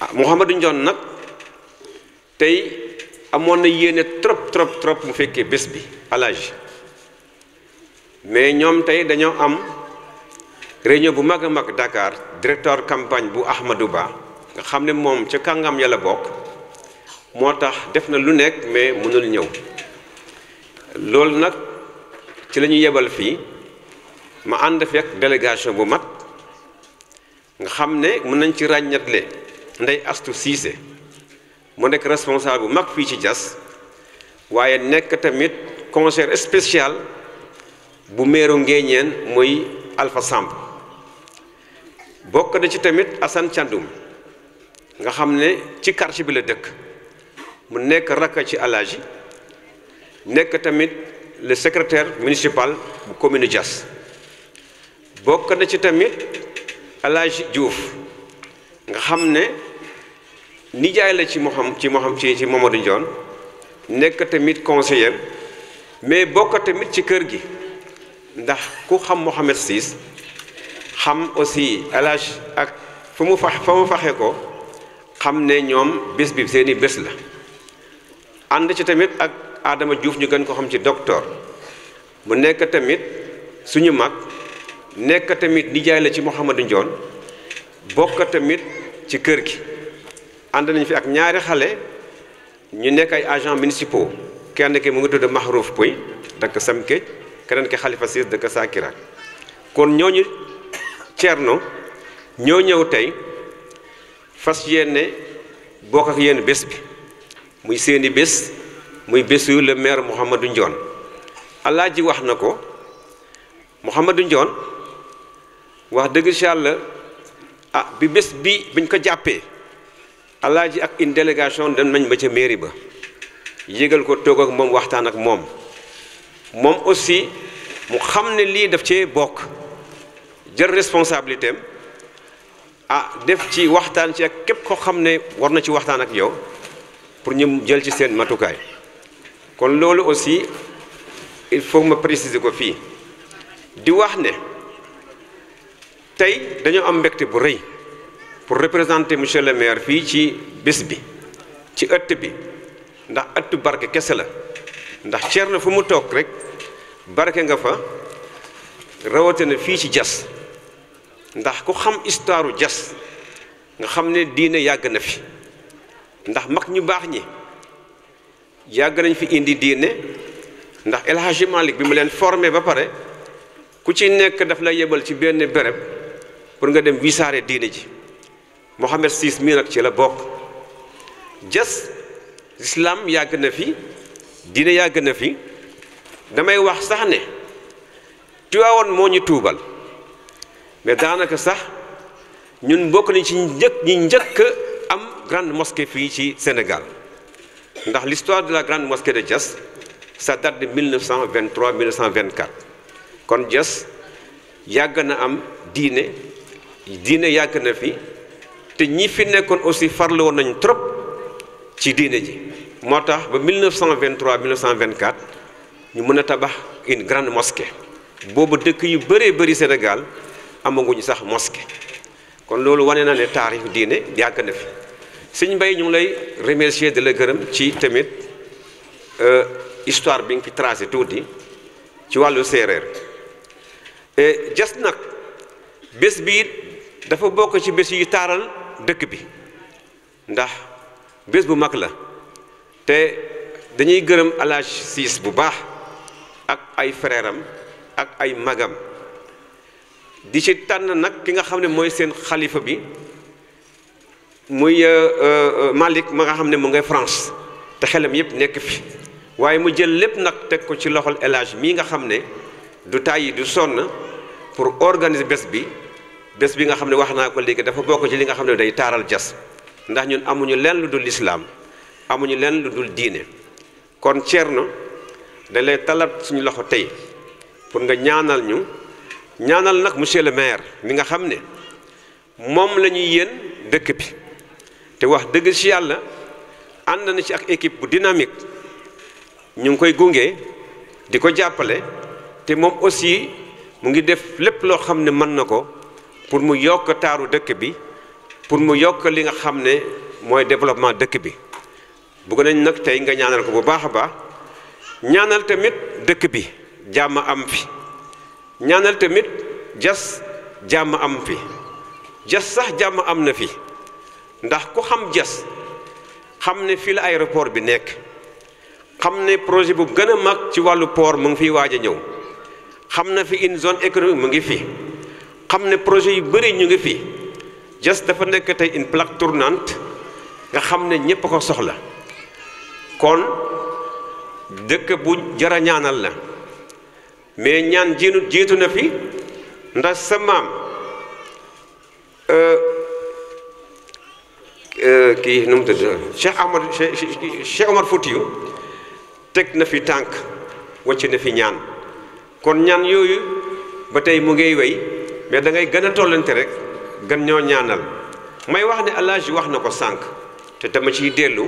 ah Mouhamadou nag tey amoon na yéene trop trop trop mu fekkee bés bi alage mais ñoom tey dañoo am réunion bu mag a mag Dakar directeur campagne bu Ahmadou Ba nga xam ne moom ca kàngam yàlla bokk moo tax def na lu nekk mais mënul ñëw loolu nag ci la yebal fii ma ànd fekk délégation bu mag nga xam ne mën nañ ci ràññatle Ndey Astu Siise mu nekk responsable bu mag fii ci jas waaye nekk tamit conseiller spécial bu meeru Ngéeñeen muy Alpha samp bokk na ci tamit Assane Thiandoum nga xam ne ci quartier bi la dëkk mu nekk rakk ci alaaji nekk tamit le secretaire municipal bu commune bokk na ci tamit allage Hadj nga xam ne nijaay la ci moo ci moo ci ci Mamadou Ndione nekk tamit conseiller mais bokk tamit ci kër gi ndax ku xam Mohamed Ciss xam aussi El ak fa mu fax fa mu faxe ko xam ne ñoom bés bi seeni bés la ànd ci tamit ak Adama Diouf ñu gën ko xam ci docteur mu nekk tamit suñu mag nekk tamit nijaay la ci Mouhamadou Ndione bokk tamit ci kër gi ànd nañu fi ak ñaari xale ñu nekk ay agents municipaux kenn ki mu ngi tudd Mahrouf Pouy dëkk Sam Kéej keneen ki Khalifa Sis dëkk Sakira kon ñooñu Thierno ñoo ñëw tey fas yéene bokk ak yéen bés bi muy seeni bés muy bésu le maire Mouhamadou Ndione alaaji wax na ko Mouhamadou Ndione wax dëgg si yàlla ah bi bés bi biñ ko jàppee alaaji ak une délégation dem nañ ba ca mairie ba yégal ko toog ak moom waxtaan ak moom moom aussi mu xam ne lii daf cee bokk jël responsabilité am ah def ci waxtaan ci ak képp koo xam ne war na ci waxtaan ak yow pour ñu jël ci seen matukaay kon loolu aussi il faut ma préciser ko fii di wax ne tey dañoo am mbégte bu pour représenter monsieur le maire fii ci bés bi ci ëtt bi ndax barke kese la ndax na fu rek barke nga fa rawatina fii ci jas ndax ku xam histoire jas nga xam ne diine yàgg na fi ndax mag ñu ñi yàgg nañ fi indi diine ndax El Hadji bi ma leen formé ba pare ku ci nekk daf la yebal ci benn béréb pour nga dem wisaare diine ji Mohammed siis mii nag ci la bokk jas islam yàgg na fi diine yàgg na fi damay wax sax ne Tiwaawoon moo ñu tuubal mais daanaka sax ñun bokk nañ ci njëkk ñi njëkk am grande mosquée fii ci Sénégal ndax l'histoire de la grande mosquée de Diass ça date de 1923 1924 kon Diass yàgg na am diine diine yàgg na fi te ñi fi nekkoon aussi farlu woon nañ trop ci diine ji moo ba 1923 1924 ñu mën a tabax une grande mosquée boobu dëkk yu bëree bëri Sénégal amaguñu sax mosquée kon loolu wane na ne tarif diine yàgg na fi sëñ mbay ñu lay remercier di la gërëm ci tamit euh, histoire bi nga fi tracé tuuti ci wàllu séeréer et jas nag bés bi dafa bokk ci bés yu taaral dëkk bi ndax bés bu mag la te dañuy gërëm alaaj siis bu baax ak ay frèram ak ay magam di ci tànn nag ki nga xam ne mooy seen xalifa bi muy euh, euh, Malick ma nga xam ne mu ngay France te xelam yëpp nekk fi waaye mu jël lépp nag teg ko ci loxol El Hadj mii nga xam ne du tàyyi du sonn pour organiser bés bi bés bi nga xam ne wax naa ko léegi dafa bokk ci li nga xam ne day taaral jas ndax ñun amuñu lenn lu dul lislaam amuñu lenn lu dul diine kon Thierno da lay talat suñu loxo tey pour nga ñaanal ñu ñaanal nag monsieur le maire mi nga xam ne moom la ñuy yéen dëkk bi te wax dëgg ci yàlla ànd na ci ak équipe bu dynamique ñu ngi koy gunge di ko jàppale te moom aussi mu ngi def lépp loo xam ne mën na ko pour mu yokk taaru dëkk bi pour mu yokk li nga xam ne mooy développement dëkk bi bugg nañ nag tey nga ñaanal ko bu baax a baax ñaanal tamit dëkk bi jàmm am fi ñaanal tamit jas jàmm am fi jas sax jàmm am na fi ndax ku xam jas xam ne fii la aéroport bi nekk xam ne projet bu gën a mag ci wàllu port mu ngi fiy waaj a ñëw xam na fi une zone économique mu ngi fi xam ne projet yu bëri ñu ngi fi jas dafa nekk tey une plaque tournante nga xam ne ñépp a ko soxla kon dëkk bu jarañaanal ñaanal la mais ñaan jiinu jiitu na fi ndax sa maam euh, Euh, kii nu mu tudd Cheikh Amar Cheikh Omar teg na fi tànk wàcc na fi ñaan kon ñaan yooyu ba tey mu ngi wéy mais da ngay gën a tollante rek gën ñoo ñaanal may wax ne alaaji wax na ko sànq te dama ciy dellu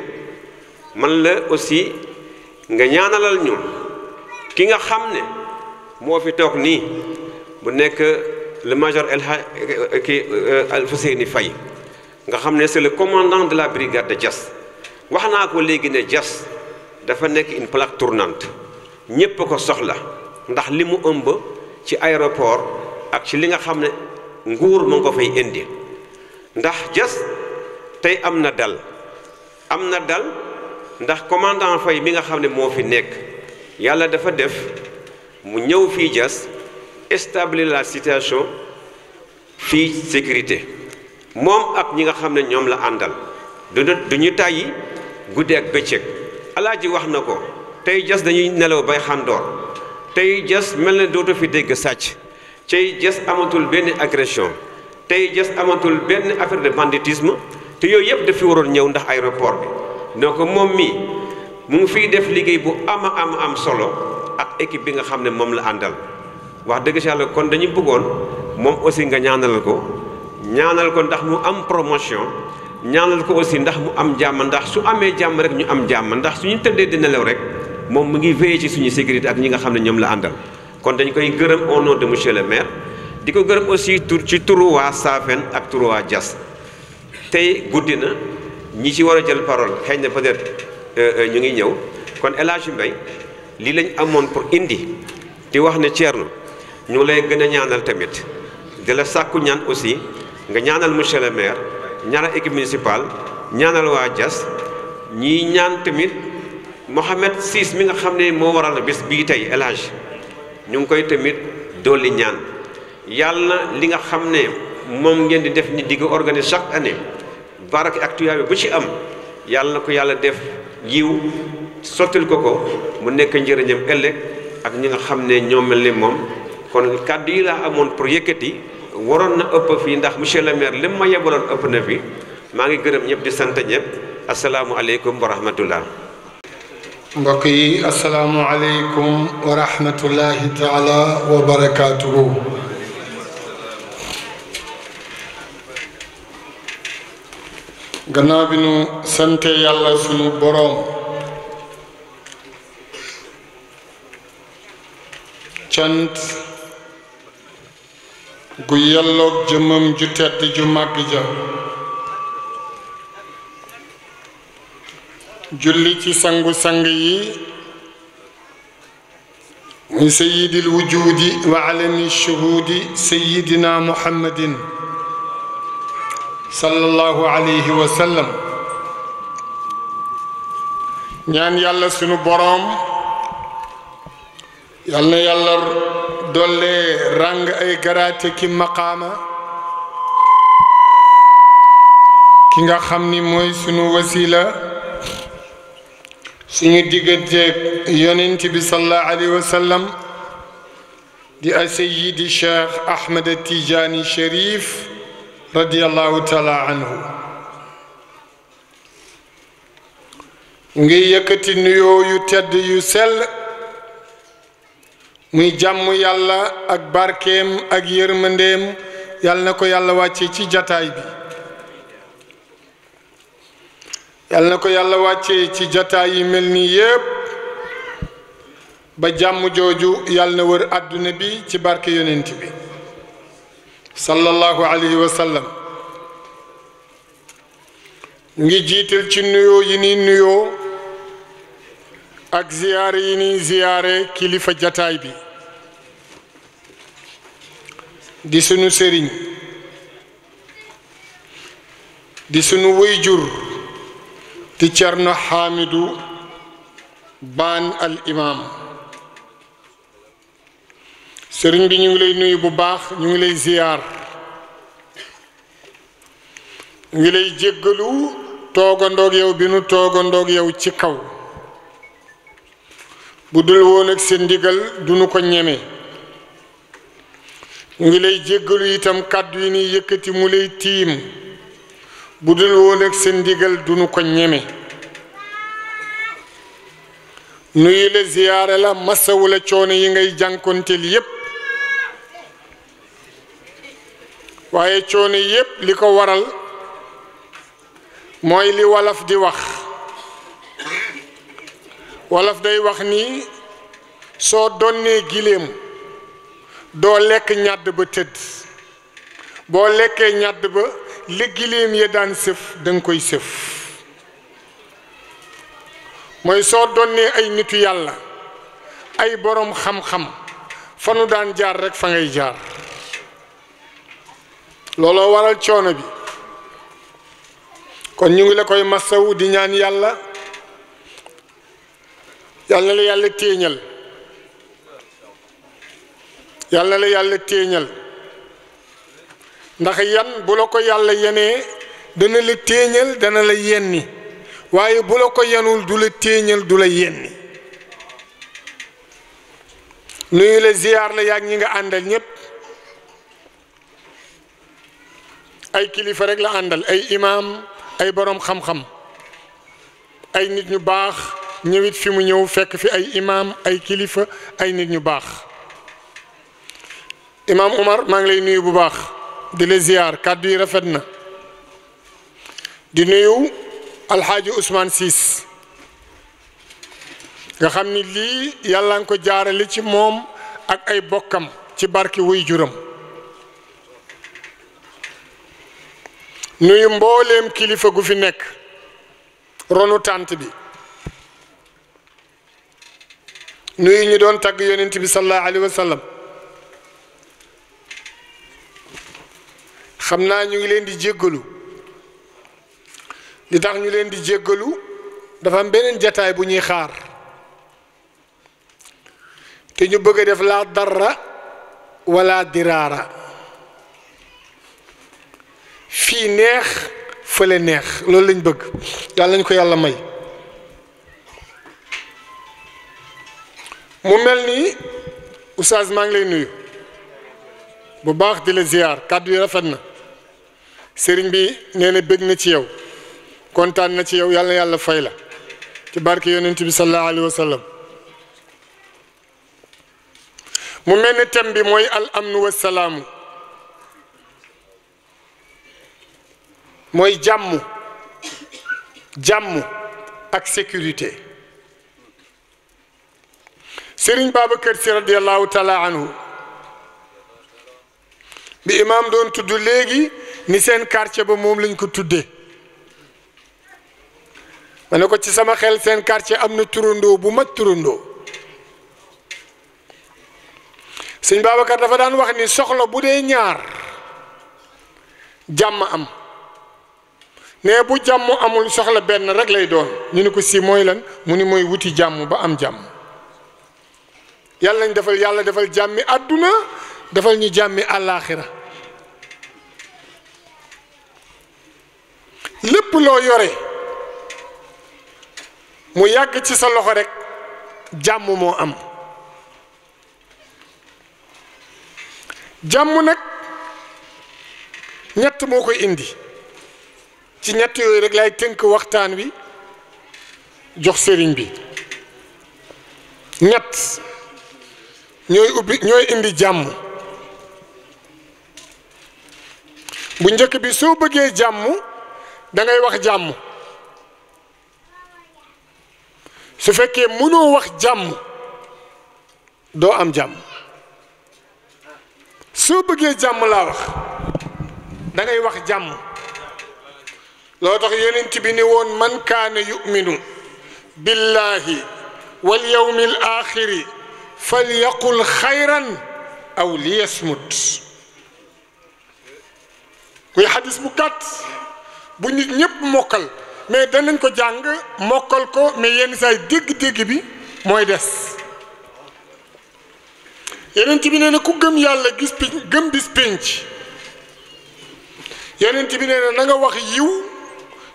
man la aussi nga ñaanalal ñu ki nga xam ne moo fi toog nii bu nekk le major El Hadj ki euh, Alfousseyni Faye nga xam ne c'est le commandant de la brigade de jas wax naa ko léegi ne jas dafa nekk une plaque tournante ñépp a ko soxla ndax li mu ëmb ci aéroport ak ci li nga xam ne nguur ma nga ko fay indi ndax jas tey am na dal am na dal ndax commandant Faye mi nga xam ne moo fi nekk yàlla dafa def mu ñëw fii jas stabiliser la situation fii sécurité mom ak ñi nga xam ne la andal du du ñu ak bëccëg alaaji wax tey jas dañuy nelaw bay handor. tey jas mel na dootu fi tey jas amatul benn agression tey jas amatul benn affaire de banditisme te yooyu yëpp dafi waroon ñëw ndax aéroport bi donc moom mu def bu ama am am solo ak équipe bi nga xam ne la andal wax dëgg si kon dañu bëggoon moom aussi nga ñaanal ko ñaanal ko ndax mu am promotion ñaanal ko aussi ndax mu am jàmm ndax su amee jàmm rek ñu am jàmm ndax su ñu tëddee di nelaw rek moom mu ngi veillé ci suñu sécurité ak ñi nga xam ne ñoom la àndal kon dañ koy gërëm au nom de monsieur le maire di ko gërëm aussi tur ci turu waa Safen ak turu waa tey guddi na ñi ci war a jël parole xëy na peut euh, euh, ñu ngi ñëw kon El Hadj Mbaye lii lañ amoon pour indi di wax ne Thierno ñu lay gën a ñaanal tamit di la sàkku ñaan aussi nga ñaanal monsieur le maire ñaanal équipe municipale ñaanal waa Diass ñi ñaan tamit Mohamed Ciss mi nga xam ne moo waral bés bii tey El Hadj ñu ngi koy tamit dolli ñaan yàlla li nga xam ne moom ngeen di def ni di organise organiser chaque année baraki ak tuyaay bu ci am yàlla na ko yàlla def yiw sottil ko ko mu nekk njëriñam ëllëg ak ñi nga xam ne ñoo mel ni moom kon kàddu yi laa amoon pour yëkkati. waroon na ëpp fii ndax monsieur le maire lim ma yebaloon ëpp na fi maa ngi gërëm ñépp di sant ñëpp asalaamualeykum wa rahmatullah mbokk yi asalaamualeykum wa rahmatullahi taala wa gannaaw bi nu sante yàlla sunu boroom cant gu yellok jëmam ju tedd ju mag ja julli ci sangu sang yi من سيد الوجود وعلم الشهود سيدنا محمد صلى الله عليه وسلم نعم يالا سونو بوروم يالنا يالا dolle ràng ay garaate ki maqaama ki nga xam ni sunu wasila suñu digganteeg yonent bi sallallahu alayhi wa sallam di a sayidi cheikh ahmed tijaani sharif radiallahu taala anhu ngi yëkkati nuyoo yu tedd yu sell muy jàmm yàlla ak barkeem ak yërmandeem yàlla na ko yàlla wàcce ci jataay bi yàlla na ko yàlla wàcce ci jataay yi mel nii yépp ba jàmm jooju yàlla na wër àdduna bi ci barke yonent bi sallallahu alayhi wa sallam ngi jiital ci nuyoo yi ni nuyoo ak ziyaare yi ni ziyaare kilifa jataay bi di sunu sëriñ di sunu wëy jur di cerno xaamidu baan al imaam sëriñ bi ñu ngi lay nuyu bu baax ñu ngi lay ziyaar ngi lay jéggalu toogandoog yow bi nu toogandoog yow ci kaw bu dul woon ak seen ndigal duñu ko ñeme ñu ngi lay jéggalu itam kàddu yi ni yëkkati mu lay tiim bu dul woon ak seen ndigal duñu ko ñeme nuyu la ziyaare la masawu la coono yi ngay jànkonteel yépp waaye coono yépp li ko waral mooy li walaf di wax wolof day wax nii soo donnee giléem doo lekk ñàdd ba tëdd boo lekkee ñàdd ba li giléem ya daan sëf da koy sëf mooy soo donnee ay nitu yàlla ay boroom xam-xam fanu daan jaar rekk fa ngay jaar looloo waral coono bi kon ñu ngi la koy masawu di ñaan yàlla yàlla na la yàlla téeñal yàlla na la yàlla téeñal ndax yan bu la ko yàlla yenee dana la téeñal dana la yenni waaye bu la ko yanul du la téeñal du la yenni nuyu la ziyaar la yàgg ñi nga àndal ñépp ay kilifa rek la àndal ay imaam ay boroom xam-xam ay nit ñu baax ñëwit fi mu ñëw fekk fi ay imaam ay kilifa ay nit ñu baax imaam Umar maa ngi lay nuyu bu baax di la ziyaar kàddu rafet na di nuyu alxaaji Ousmane Ciss nga xam ni lii yàlla nga ko jaarale ci moom ak ay bokkam ci barki wuy juram nuyu mbooleem kilifa gu fi nekk ronu tànt bi nuyu ñu doon tàgg yonent bi sallallahu alayhi wa sallam xam naa ñu ngi leen di jéggalu li tax ñu leen di jéggalu dafa am beneen jataay bu ñuy xaar te ñu bëgg def laa darra wala diraara fii neex fële neex loolu lañ bëgg yàlla nañ ko yàlla may mu mel ni oustaz ngi lay nuyu bu baax di la ziar kàddu yi rafet na sëriñ bi nee na bëgg na ci yow kontaan na ci yow yàlla yàlla fay la ci barke yonent bi sallallahu alayhi wa sallam mu mel ni thème bi mooy al amnu wa mooy jàmm jàmm ak sécurité sëriñ Babacar si radiallahu taala anhu bi imaam doon tudd léegi ni seen quartier ba moom lañ ko tuddee ma ne ko ci sama xel seen quartier am na turandoo bu mat turandoo sëñ Babacar dafa daan wax ni soxla bu dee ñaar jàmm am ne bu jàmm amul soxla benn rek lay doon ñu ne ko si mooy lan mu ni mooy wuti jàmm ba am jàmm yàlla nañ defal yàlla defal jàmmi àdduna defal ñu jàmmi àllaaxira lépp loo yore mu yàgg ci sa loxo rekk jàmm moo am jàmm nag ñett moo koy indi ci ñett yooyu rekk lay tënk waxtaan wi jox sëriñ bi ñett ñooy ubbi ñooy indi jàmm bu njëkk bi soo bëggee jàmm dangay wax jàmm su fekkee mënoo wax jàmm doo am jàmm soo bëggee jàmm laa wax da wax jàmm loo tax yonent bi ni woon man kaana yuminu billahi wal yawmil axiri fal yaqul xayran aw liyasmut muy xadis bu gàtt bu nit ñëpp mokkal mais danañ ko jàng mokkal ko mais yenn saay dégg-dégg bi mooy des yenent bi nee na ku gëm yàlla gis pi gëm bis pénc yenent bi nee na nga wax yiw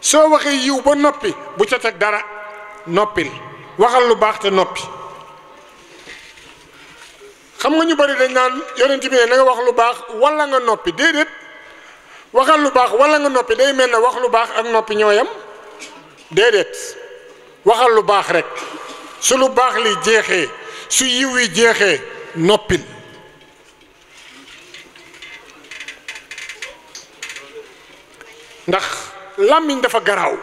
soo waxee yiw ba noppi bu ca teg dara noppil waxal lu baax te noppi xam nga ñu bari dañ naan yonent bi ne na nga wax lu baax walla nga noppi déedéet waxal lu baax walla nga noppi day mel ne wax lu baax ak noppi ñooyam déedéet waxal lu baax rek su lu baax li jeexee su yiw yi jeexee noppil ndax làmmiñ dafa garaaw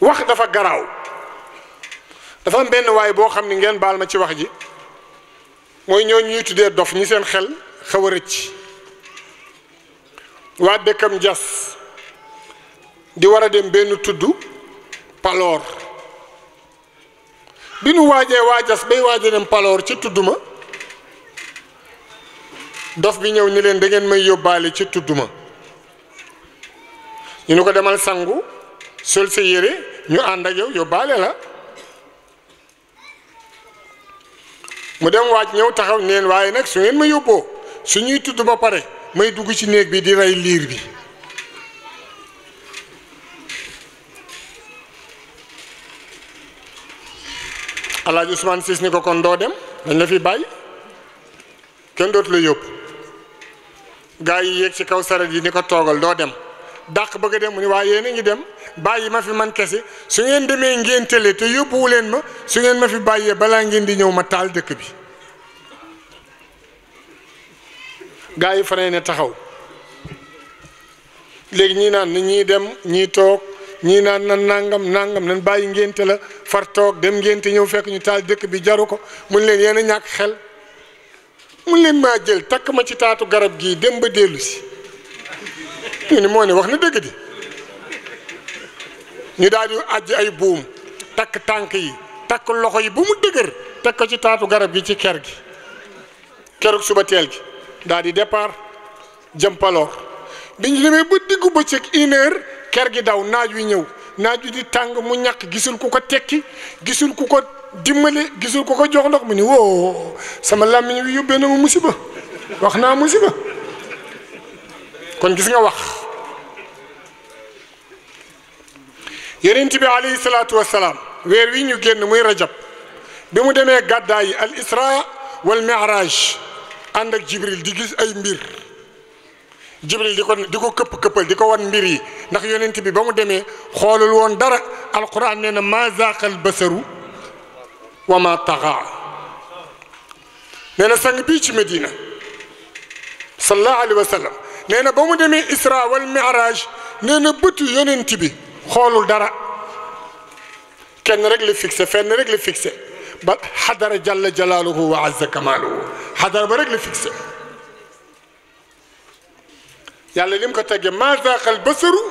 wax dafa garaaw dafa am benn waay boo xam ne ngeen baal ma ci wax ji mooy ñoo ñuy tuddee dof ñu seen xel xaw a rëcc waa dëkkam jas di war a dem benn tudd paloor bi nu waajee waa jas bay waaja dem paloor ci tudd ma dof bi ñëw ni leen da ngeen may yóbbaale ci tudd ma ñu ne ko demal sangu sol sa yére ñu ànd ak yow yóbbaale la mu dem waaj ñëw taxaw neen waaye nag su ngeen ma yóbboo su ñuy tudd ba pare may dugg ci néeg bi di rey liir bi Alaaji Ousmane Ciss ni ko kon doo dem dañ la fi bàyyi kenn dootu la yóbbu gaa yi yéeg ci kaw saret yi ni ko toogal doo dem dàq bëgg a dem mu ni waaye yéen a ngi dem bàyyi ma fi man kese su ngeen demee ngeen tële te yóbbuwu leen ma su ngeen ma fi bàyyee balaa ngeen di ñëw ma taal dëkk bi gaa yi fanee ne taxaw léegi ñii naan na ñii dem ñii toog ñii naan na nangam nangam nan bàyyi ngénte la far toog dem ngénte ñëw fekk ñu taal dëkk bi jaru ko mun leen yéen ñàkk xel mun leen maa jël takk ma ci taatu garab gii dem ba dellu si ñu ne moo ne wax na dëgg di ñu daal di ajj ay buum takk tànk yi takk loxo yi bu mu dëgër teg ko ci taatu garab gi ci ker gi kerug suba teel gi daal di départ jëm Paloor bi ñu demee ba diggu bëccëg une heure ker gi daw naaj wi ñëw naaj wi di tàng mu ñàkk gisul ku ko tekki gisul ku ko dimbali gisul ku ko jox ndox mu ni woo sama làmmiñ wi yóbbee na ma musiba wax naa musiba kon gis nga wax يرنتي بي عليه الصلاه والسلام وير وي نيو ген موي رجب بيمو ديمي غداي الاسراء والمعراج عندك جبريل دي غيس اي مير جبريل ديكو ديكو كب كبل ديكو وان مير ناخ يونتي بي بامو ديمي خولول وون القران نينا ما زاق البصر وما طغى نينا سانغ مدينه صلى الله عليه وسلم نينا بامو ديمي اسراء والمعراج نينا بوتو يونتي بي xolul dara kenn rek la fixé fenn rek la fixé ba hadar jalla jalaluhu wa azza kamaluhu hadar ba rek la fixé yàlla lim ko teggee maa zaaxal basaru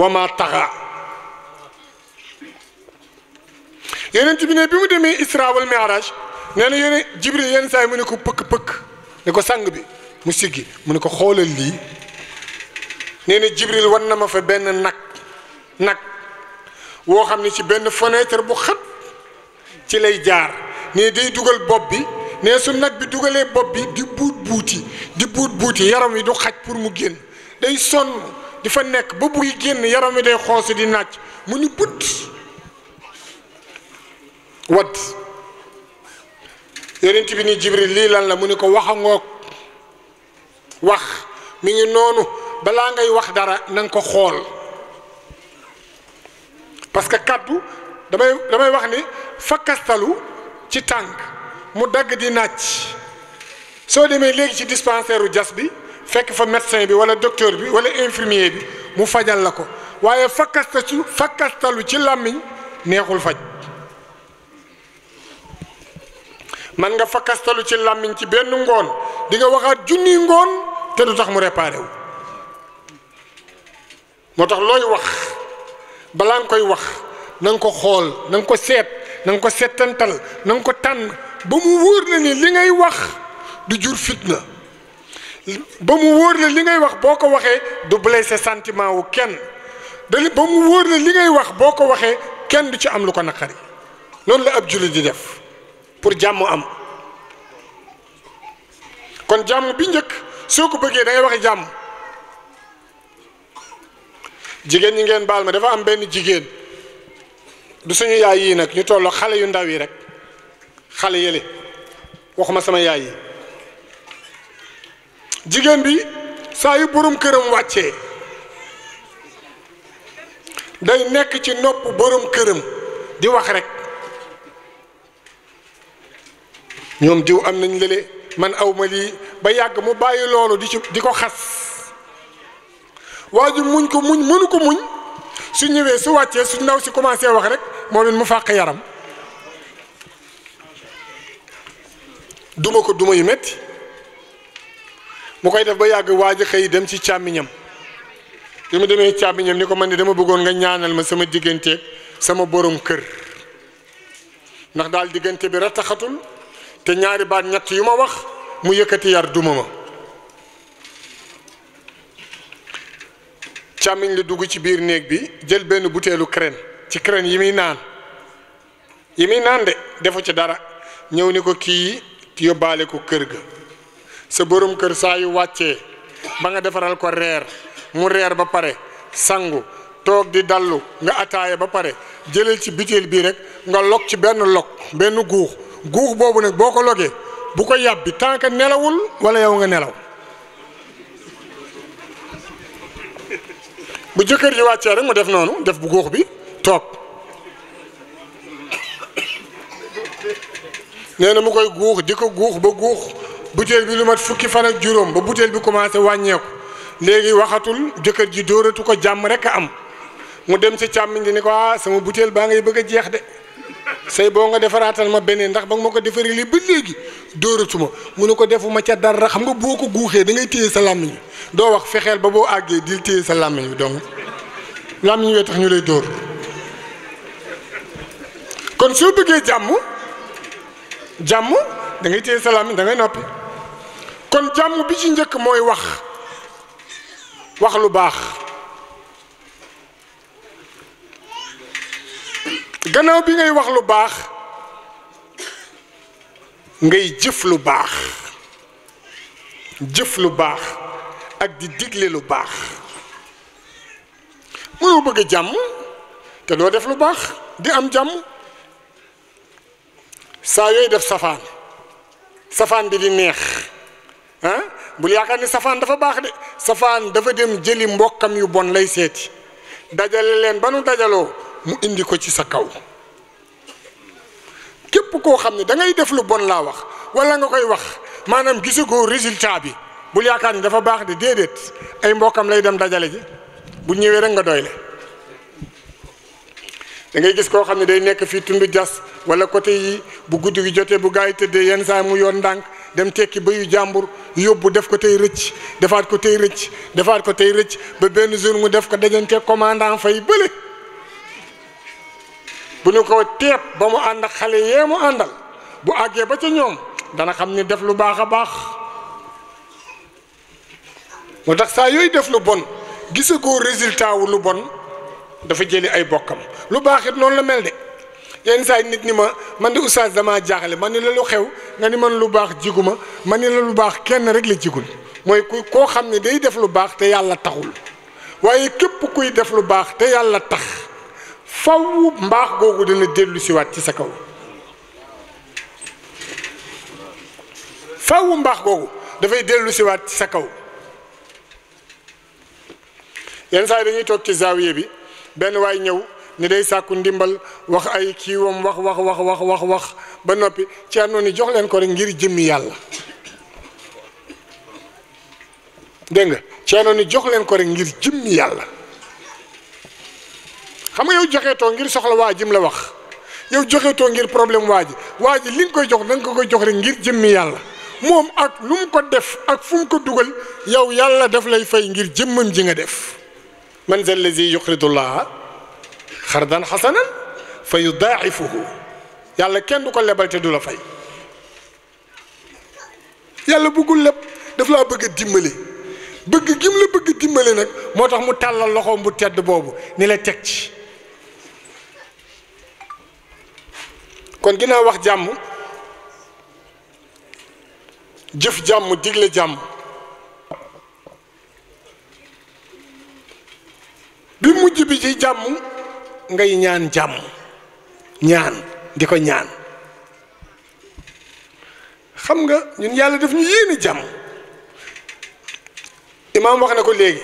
wa ma tagha yenen bi ne bi mu demé isra wal mi'raj nee yene jibril yene say mu ne ko pek pek ne ko sang bi mu siggi mu ne ko xolal li nee jibril wan ma fa ben nak nag woo xam ne ci benn fenêtre bu xat ci lay jaar ne day dugal bopp bi ne su nag bi dugalee bopp bi di buut buuti di buut buuti yaram wi du xaj pour mu génn day sonn di fa nekk ba buy génn yaram wi day xoos di nàcc mu ni butt wadd yonent bi ni jibril lii lan la mu ni ko waxangook wax mu ngi noonu balaa ngay wax dara nanga ko xool parce que kaddu damay damay wax ni fakkastalu ci tànk mu dagg di nàcc soo demee léegi ci dispensaire u jas bi fekk fa médecin bi wala docteur bi wala infirmier bi mu fajal la ko waaye fakkasta ci fakkastalu ci làmmiñ neexul faj man nga fakkastalu ci làmmiñ ci benn ngoon di waxaat junni ngoon te du tax mu réparé moo tax looy wax balaa nga koy wax na ko xool na ko set na ko settantal na nga ko tan ba mu wóor na ni li ngay wax du jur fitna ba mu wóor na li ngay wax boo ko waxee du blessé sentiment wu kenn dali ba mu wóor na li ngay wax du ci am lu ko naqari loolu la ab jullit di def pour am kon jàmm bi njëkk soo ko da ngay waxe jigéen ñi ngeen baal ma dafa am benn jigéen du suñu yaay yii nag ñu tolloo xale yu ndaw yi rek xale yële waxuma sama yaay yi jigéen bi saa yu borom këram wàccee day nekk ci nopp boroom këram di wax rek ñoom diw am nañ lële man awma lii ba yàgg mu bàyyi loolu di ci di ko xas waa ji muñ ko muñ mënu ko muñ su ñëwee su wàccee su ndaw si commencé wax rek moom it mu fàq yaram duma ko duma yu metti mu koy def ba yàgg waa ji xëy dem ci càmmiñam bi ma demee càmmiñam ni ko man de dama bëggoon nga ñaanal ma sama digganteeg sama borom kër ndax daal diggante bi rataxatul te ñaari baat ñett yu ma wax mu yëkkati yar duma ma càmmiñ li dugg ci biir néeg bi jël benn butéelu keren ci crème yi muy naan yi muy naan de defu ci dara ñëw ni ko kii yóbbaale ko kër gi sa borom kër saa yu wàccee ba nga defaral ko reer mu reer ba pare sangu toog di dallu nga ataaya ba pare jëlal ci butéel bii rek nga log ci benn log benn guux guux boobu nag boo ko logee bu ko yàbbi tant que nelawul wala yow nga nelaw bu jëkkër ji wàccee rek mu def noonu def bu góox bi toog nee na mu koy guux ji ko guux ba guux butéel bi lu mat fukki fan ak juróom ba butéel bi commencé wàññeeku léegi waxatul jëkkër ji dóoratu ko jàmm rek a am mu dem ci càmmiñ di ni ko ah sama butéel baa ngay bëgg a jeex de sëy boo nga defaraatal ma beneen ndax ba nga ma ko defaree li ba léegi dóoratuma mu ne ko defuma ca dara xam nga boo ko guuxee da ngay téye sa làmmiñ wi doo wax fexeel ba boo àggee di téye sa làmmiñ bi donc làmmiñ wee tax ñu lay dóor kon soo bëggee jàmm jàmm dangay ngay sa làmmiñ dangay ngay kon jàmm bi ci njëkk mooy wax wax lu baax gannaaw bi ngay wax lu baax ngay jëf lu baax jëf lu baax ak di digle lu baax mënoo bëgg a jàmm te doo def lu baax di am jàmm saa yooyu def safaan safaan bi di neex ah bul yaakaar ni safaan dafa baax de safaan dafa dem jëli mbokkam yu bon lay seeti dajale leen ba nu dajaloo mu indi ko ci sa kaw képp koo xam ne dangay ngay def lu bon laa wax walla nga koy wax maanaam gisagoo résultat bi bul yaakaar ni dafa baax de déedéet ay mbokkam lay dem dajale ji bu ñëwee rek nga doy dangay gis koo xam ne day nekk fii tund jas wala côté yi bu guddi gi jotee bu gaa yi tëddee yenn saa mu yoon ndànk dem tekki bayu jàmbur yóbbu def ko tey rëcc defaat ko tey rëcc defaat ko tey rëcc ba benn jour mu def ko dajante commandant fay bële. bu ñu ko teeb ba mu ànd ak xale yee mu àndal bu àggee ba ca ñoom dana xam ni def lu baax a baax moo tax saa yooyu def lu bon gisagoo résultat wu lu bon dafa jëli ay bokkam lu baax it noonu la mel de yenn saa yi nit ni ma mën de oustaz damaa jaaxale man ni la lu xew nga ni man lu baax jigu ma man ni la lu baax kenn rek la jigul mooy ku koo xam ne day def lu baax te yàlla taxul waaye képp kuy def lu baax te yàlla tax faw mbaax googu dana dellu siwaat ci sa kaw faw mbaax googu dafay dellu siwaat ci sa kaw yenn saa yi dañuy toog ci zaawiye bi benn waay ñëw ni day sàkku ndimbal wax ay kiiwam wax wax wax wax wax ba noppi ci àndoon ni jox leen ko rek ngir jim yàlla dégg nga ci àndoon ni jox ko rek ngir jëmmi yàlla xam nga yow joxeetoo ngir soxla waa jim la wax yow joxeetoo ngir problème waa ji waa ji li nga koy jox da ko koy jox ngir jëmmi yàlla moom ak lu mu ko def ak fu mu ko dugal yow yàlla daf lay fay ngir jëmmam ji nga def man zal lazi yuqridullaha xardan xasanan fa yudaa'ifuhu yàlla kenn du ko lebal te du la fay yàlla bëggul lépp dafa laa bëgg a dimbali bëgg gim la bëgg dimbali nag moo tax mu tàllal loxoom bu tedd boobu ni la teg ci kon ginnaaw wax jàmm jëf jàmm digle jàmm bi mujj bi ci jàmm ngay ñaan jàmm ñaan di ko ñaan xam nga ñun yàlla def ñu yéene jàmm imaam wax na ko léegi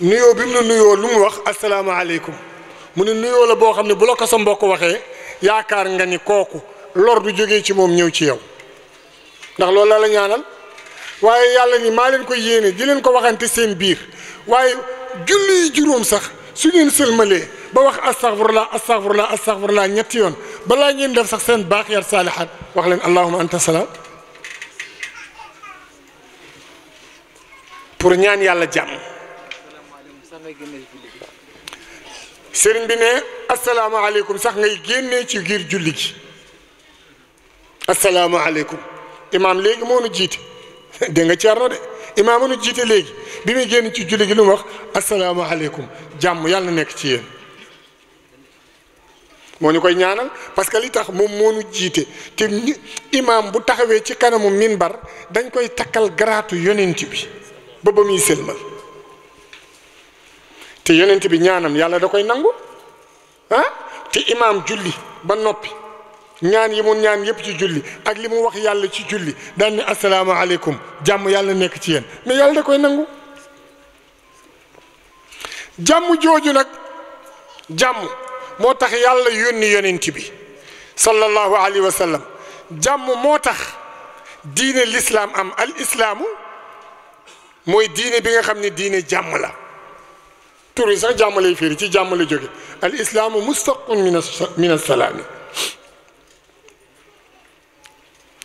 nuyoo bi mu la nuyoo lu mu wax asalaamaaleykum mu ne nuyoo la boo xam ne bu la ko sa mbokk waxee yaakaar nga ni kooku lor du jóge ci moom ñëw ci yow ndax loolu la la ñaanal waaye yàlla ni maa leen ko yéene di leen ko waxante seen biir waaye julli juróom sax su ngeen sëlmalee ba wax astaghfirullah astaghfirullah astaghfirullah ñetti yoon balaa ngeen def sax seen baax baaqiyaat saalihaat wax leen allahuma anta salaam pour ñaan yàlla jàmm. sëriñ bi ne aleykum sax ngay génne ci giir julli gi aleykum imaam léegi moo nu jiite dégg nga ceerno de imaam moo jiite léegi bi muy génn ci julli gi lu mu wax asalaamaaleykum jàmm yàlla na nekk ci yéen moo ñu koy ñaanal parce que li tax moom moo nu jiite te imaam bu taxawee ci kanamu minbar dañ koy takkal garaatu yonent bi ba ba muy sëlmal te yonent bi ñaanam yàlla da koy nangu ah te imaam julli ba noppi ñaan yi mu ñaan yépp ci julli ak li mu wax yàlla ci julli daan ne asalaamaaleykum jàmm yàlla nekk ci yéen mais yàlla da koy nangu jàmm jooju nag jàmm moo tax yàlla yónni yonent bi sallallahu alayhi wa sallam jàmm moo tax diine lislaam am al mooy diine bi nga xam ne diine jàmm la tur yi sax jàmm lay firi ci jàmm la jóge al islaamu mustaqun min min assalaami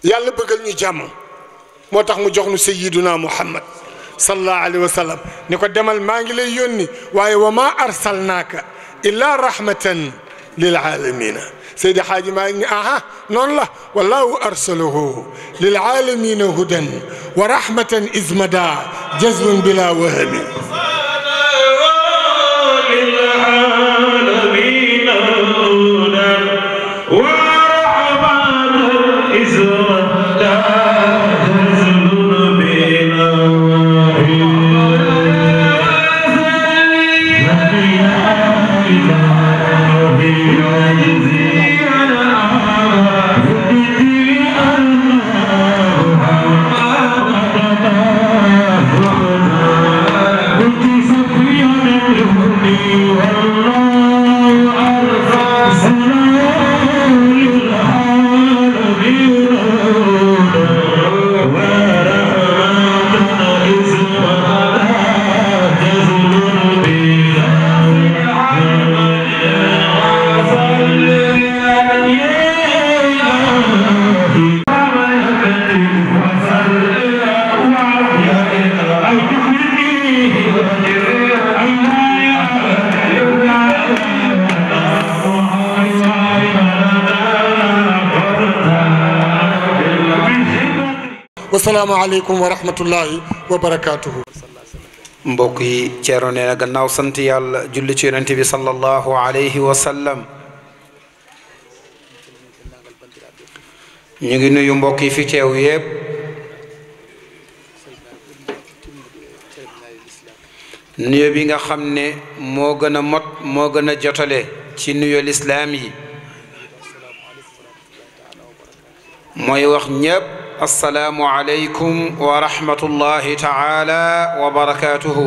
yàlla bëggal ñu jàmm moo tax mu jox nu sayyiduna muhammad sallallahu alayhi wa sallam ni ko demal maa ngi lay yónni waaye wa maa arsalnaaka illa rahmatan lil aalamiina seydi xaaji maa ngi ni aha noonu la wallahu arsalahu lil aalamiina hudan wa rahmatan izmada jazbun bila wahami asalaamaaleykum wa rahmatullahi mbokk yi Ceerno nee gannaaw sant yàlla julli ci yonente bi sallallahu wa sallam. ngi nuyu mbokk yi fi teew yépp nuyo bi nga xam ne moo gën a mot moo gën a jotale ci nuyo lislaam yi mooy wax ñépp السلام عليكم ورحمة الله تعالى وبركاته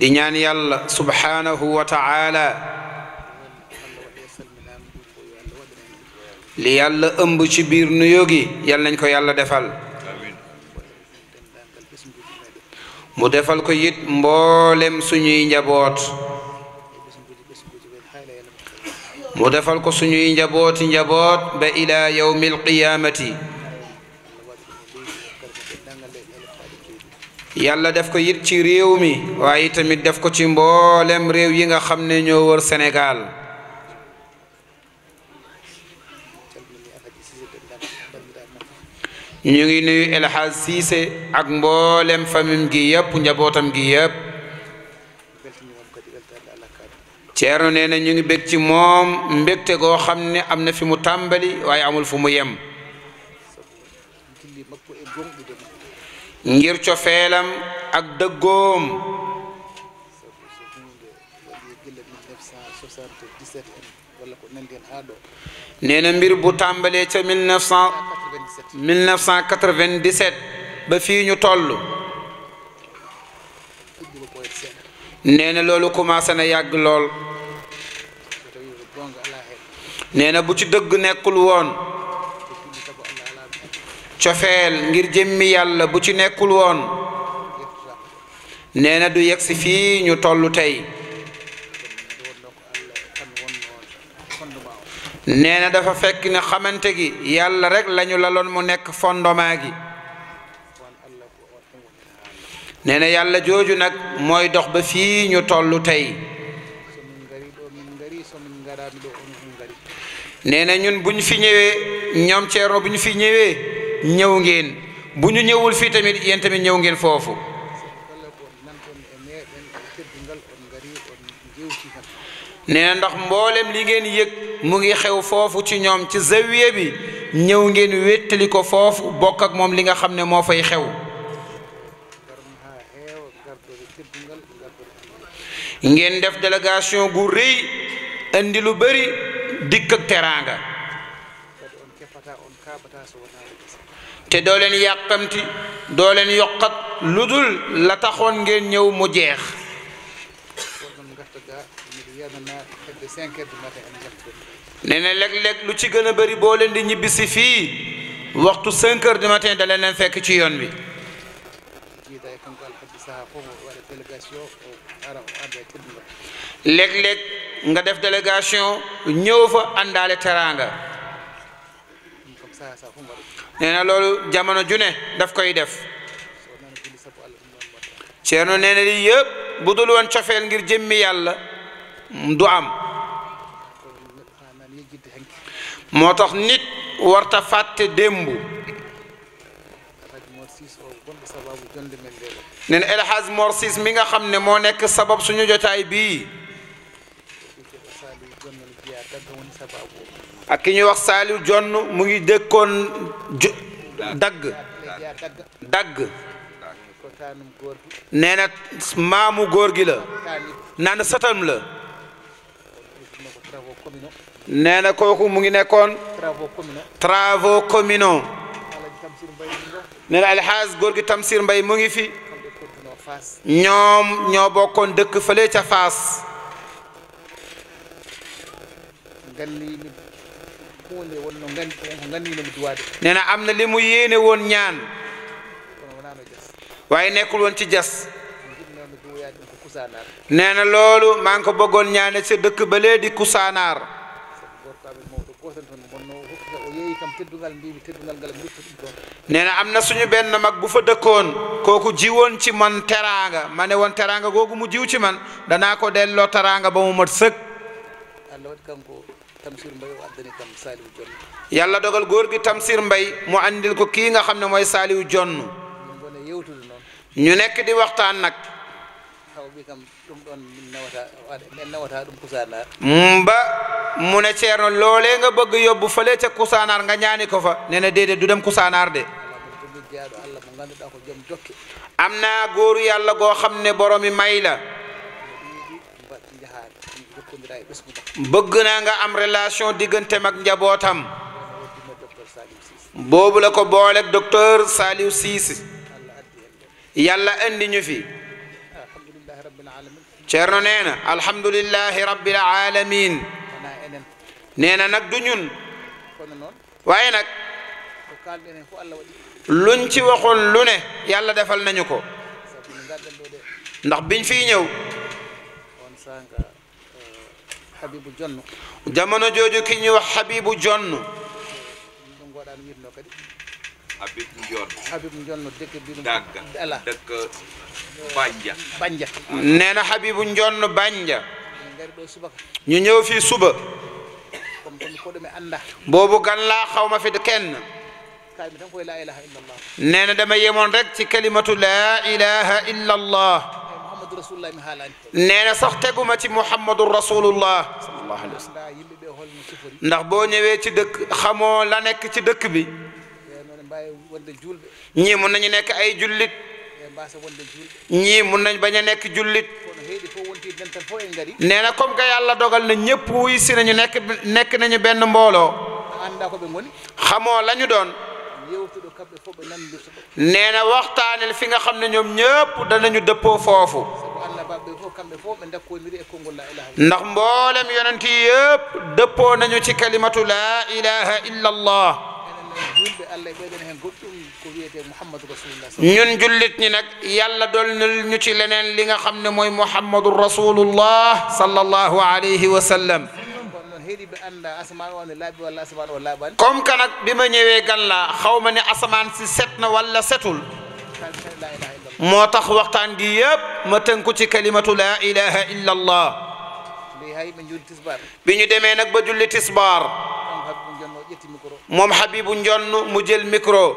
di ñaan yàlla subhaanahu wa taala li yàlla ëmb ci biir nuyoo gi yal nañ ko yàlla defal mu defal ko it mboolem suñuy njaboot مدفل كسنجي جبوت جبوت با إلى يوم القيامة يلا دفكو يرتي ريومي وعيتم دفكو تيمبولم ريو ينغا خمني نور سنغال نيغي نيو الحاج سيسي اك مبولم فامم جي ياب Ceerno nee na ñu ngi bég ci moom mbégte goo xam ne am na fi mu tàmbali waaye amul fu mu yem ngir cofeelam ak dëggoom nee na mbir bu tàmbalee ca 1997 ba fii ñu toll nee na loolu commencé na yàgg lool nee na bu ci dëgg nekkul woon cofeel ngir jëmmi yàlla bu ci nekkul woon nee na du yegsi fii ñu toll tey nee na dafa fekk ne xamante gi yàlla rek lañu laloon mu nekk fondement gi nee na yàlla jooju nag mooy dox ba fii ñu toll tey nee na ñun bu ñu fi ñëwee ñoom Thierno bu ñu fi ñëwee ñëw ngeen bu ñu ñëwul fii tamit yéen tamit ñëw ngeen foofu nee na ndax mboolem li ngeen yëg mu ngi xew foofu ci ñoom ci zawiya bi ñëw ngeen wéttali ko foofu bokk ak moom li nga xam ne moo fay xew ngeen def délégation gu rëy indi lu bari dikk ak teraanga te doo leen yàqamti doo leen yokkat lu dul la taxoon ngeen ñëw mu jeex nee na léeg-léeg lu ci gën a bëri boo leen di ñibbisi fii waxtu 5 heures du leen fekk ci yoon bi léeg-léeg nga def délégation ñëw fa àndaale teraanga nee loolu jamono ju ne daf koy def Ceerno nee na lii yëpp bu dul woon cofeel ngir jëmmi yàlla du am moo tax nit warta fàtte démb nee na El Hadj Mor Cisse mi nga xam ne moo nekk sabab suñu jotaay bii ak ki ñuy wax Saaliw Jonn mu ngi dëkkoon dagg dagg nee maamu góor gi la nee na satam la nee kooku mu ngi nekkoon travaux communaux nee alxaas góor gi Tamsir Mbay mu ngi fi ñoom ñoo bokkoon dëkk fële Faas ngalli mi hunde wonno ngandi ko nganninomi duwade nena am na li mu yéene woon ñaan waaye nekkul woon ci jas nee na loolu maa ngi ko bëggoon ñaane sa dëkk ba lee di kusaanaar nee na suñu benn mag bu fa dëkkoon kooku jiwoon ci man teraanga ma ne teranga teraanga googu mu jiw ci man danaa ko delloo teraanga ba mu mat sëg Tamsir Mbaye waddani kam Saliou dogal góor gi Tamsir mbay mu àndil ko kii nga xam ne mooy Saliou Jonn ñu nekk di waxtaan nag mm, ba mu ne Ceerno loolee nga bëgg yóbbu fële ca Kusaanaar nga ñaani ko fa nee na déedéet du dem Kusaanaar de am naa góoru yàlla goo xam ne boromi may la bëgg naa nga am relation diggante ak njabootam boobu la ko booleeg docteur Saliou Ciss yàlla indi ñu fi Ceerno nee na alhamdulillahi rabbil alamin nee na nag du ñun waaye nag luñ ci waxoon lu ne yàlla defal nañu ko ndax biñ fi ñëw habibu jonno jamono jooju ki ñuy wax habibu jonno ɗum goɗano wirno kadi habibu jonno habibu jonno dëkk bi dagga ala dëkk banja banja nee na habibu jonno banja gari ɗo subaka ñu ñëw fii suba comme komi koɗumi annda boobu gan laa xawma fi kenn kalmi tan koye la ilaha illallah nee na dama yemoon rek ci kalimatu la ilaha illallah nee na sax teguma ci muhammadu rasulullah sallallahu alayhi wa sallam ndax boo ñëwee ci dëkk xamoo la nekk ci dëkk bi ñii mun nañu nekk ay jullit ñii mun nañ bañ a nekk jullit nee na comme yàlla dogal na ñëpp wuy si nañu nekk nekk nañu benn mbooloo xamoo la ñu doon nee na waxtaanel fi nga xam ne ñoom ñëpp danañu dëppoo foofu ndax mbolam yonenti yëpp depo nañu ci kalimatu la ilaha illa allah ñun jullit ñi nak yàlla dolnal ñu ci leneen li nga xamne moy muhammadur rasulullah sallallahu alayhi wa sallam comme que nag bi ma gan la xawma ni asman ci setna wala setul موطخ وقتان جيب متنكو تي كلمة لا إله إلا الله بني دمينك بجل تسبار موم حبيب جنو مجل ميكرو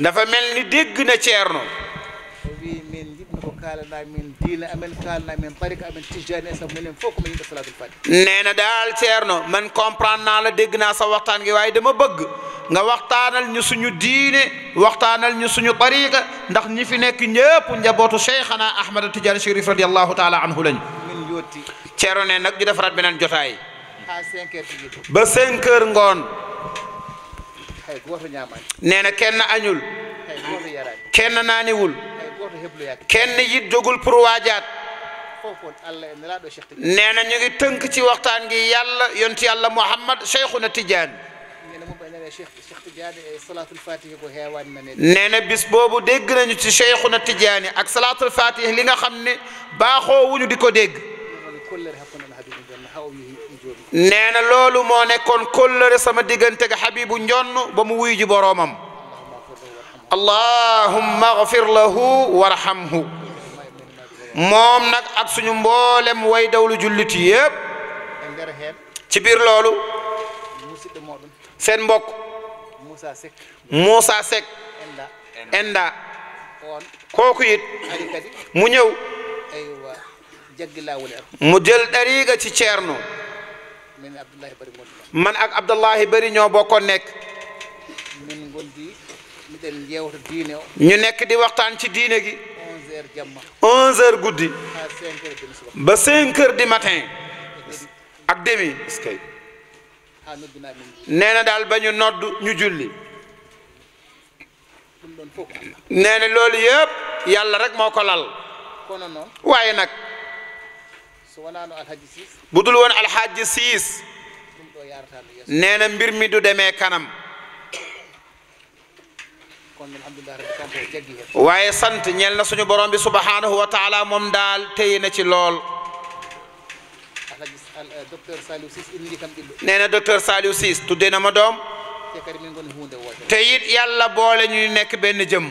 نفا ملني ديگ نتيرنو Nenek dal min man comprendre naa la dégg naa sa gi dama nga ñu suñu diine ñu suñu tariqa ndax ñi fi taala anhu lañu min ne nag ñu defaraat beneen jotaay à ba 5 heures kenn añul kenn kenn yiddugul pour waajaat nee na ñu ngi tënk ci waxtaan gi yàlla yonti yàlla Muhammad Cheikhuna Tidiane nee na bis boobu dégg nañu ci Cheikhuna Tidiane ak salaatul fatih li nga xam ne baaxoo wuñu di ko dégg nee na loolu moo nekkoon kóllëre sama diggante ak Habibu Njonn ba mu wuyu ji boroomam اللهم اغفر له وارحمه موم نك اك سونو مبولم واي داولو جوليت ييب تي بير لولو سين موسى سيك موسى سيك اندا كوكو ييت مو نيو ايوا مو جيل دريغا تي تشيرنو من عبد الله بري موت من اك عبد الله بري ньо بوكو نيك ñu nekk di waxtaan ci diine gi. 11h guddi. Ah, ba 5h du matin. ak demi. Ah, nee na daal ba ñu nodd ñu julli. nee na loolu yëpp yàlla rek moo ko lal. waaye nag. bu woon alxaaji siis. nee mbir mi du demee kanam. waye sant ñel na suñu borom bi subhanahu wa taala mom dal téye na ci lool neena docteur Saliou sis tudde na ma dom te it yàlla boole ñuy nekk ben jëm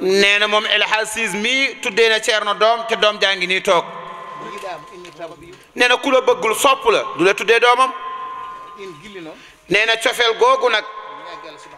neena mom El hasis mi tudde na cierno dom te dom jangi ni tok neena nee ku la bëggul sopu la du la tudde domam neena ciofel gogu nak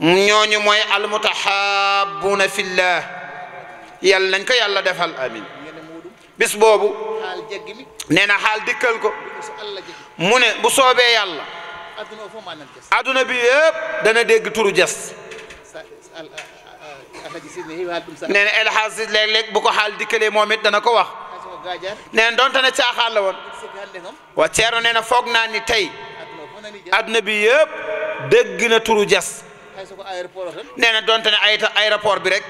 ñooñu mooy fi llah yàlla nañ ko yàlla defal amin bis boobu nee na xaal dikkal ko mu ne bu soobee yàlla aduna bi yëpp dana dégg turu jas nee na El Hadj léeg-léeg bu ko xaal dikkalee moom it dana ko wax nee na donte ne caaxaan la woon wa Ceerno nee na foog naa ni tey aduna bi yëpp dégg na turu jas nee na donte ne ay aéroport bi rek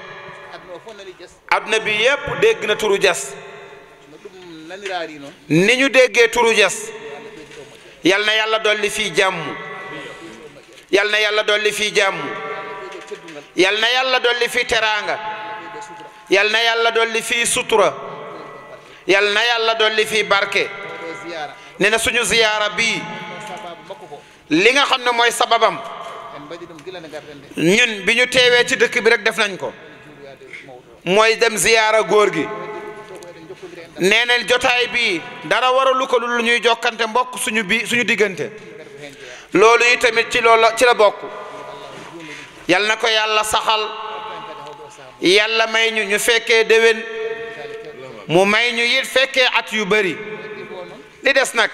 adduna bi yépp dégg na turu jas ni ñu déggee turu jas yal na yàlla dolli fii jàmm yal na yàlla dolli fii jàmm yal na yàlla dolli fii teraanga yal na yàlla dolli fii sutura yal na yàlla dolli fii barke nee na suñu ziyaara bii li nga xam ne mooy sababam ñun bi ñu teewee ci dëkk bi rek def nañ ko mooy dem ziyaara góor gi nee na jotaay bi dara waralu ko lu ñuy jokkante mbokk suñu bi suñu diggante loolu yi tamit ci loolu ci la bokk yal na ko yàlla saxal yàlla may ñu ñu fekkee déwén mu may ñu it fekkee at yu bëri li des nag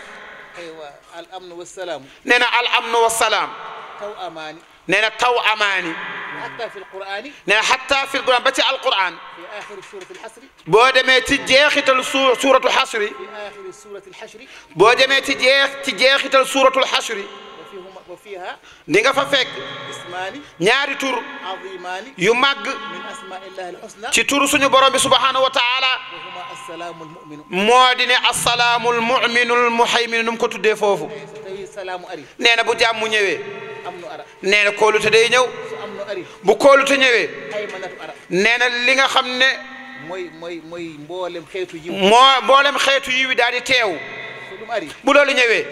nee na al amnu wasalaam نحن نينا توأماني حتى في القرآن نحن حتى في القرآن بتي القرآن في آخر سورة الحشر بودمي تجيختل سورة الحشر في آخر سورة الحشر بودمي تجيختل سورة الحشر di nga fa fekk ñaari tur yu màgg ci tur suñu borom bi subhanahu wa taala moo di ne asalaamul muminul muhayminu nu mu ko tuddee foofu nee na bu jàmm ñëwee nee na kóolute day ñëw bu kóolute ñëwee nee na li nga xam ne mooy mooy mooy mboolem xeetu moo mboolem xeetu yiw daal di teew bu loolu ñëwee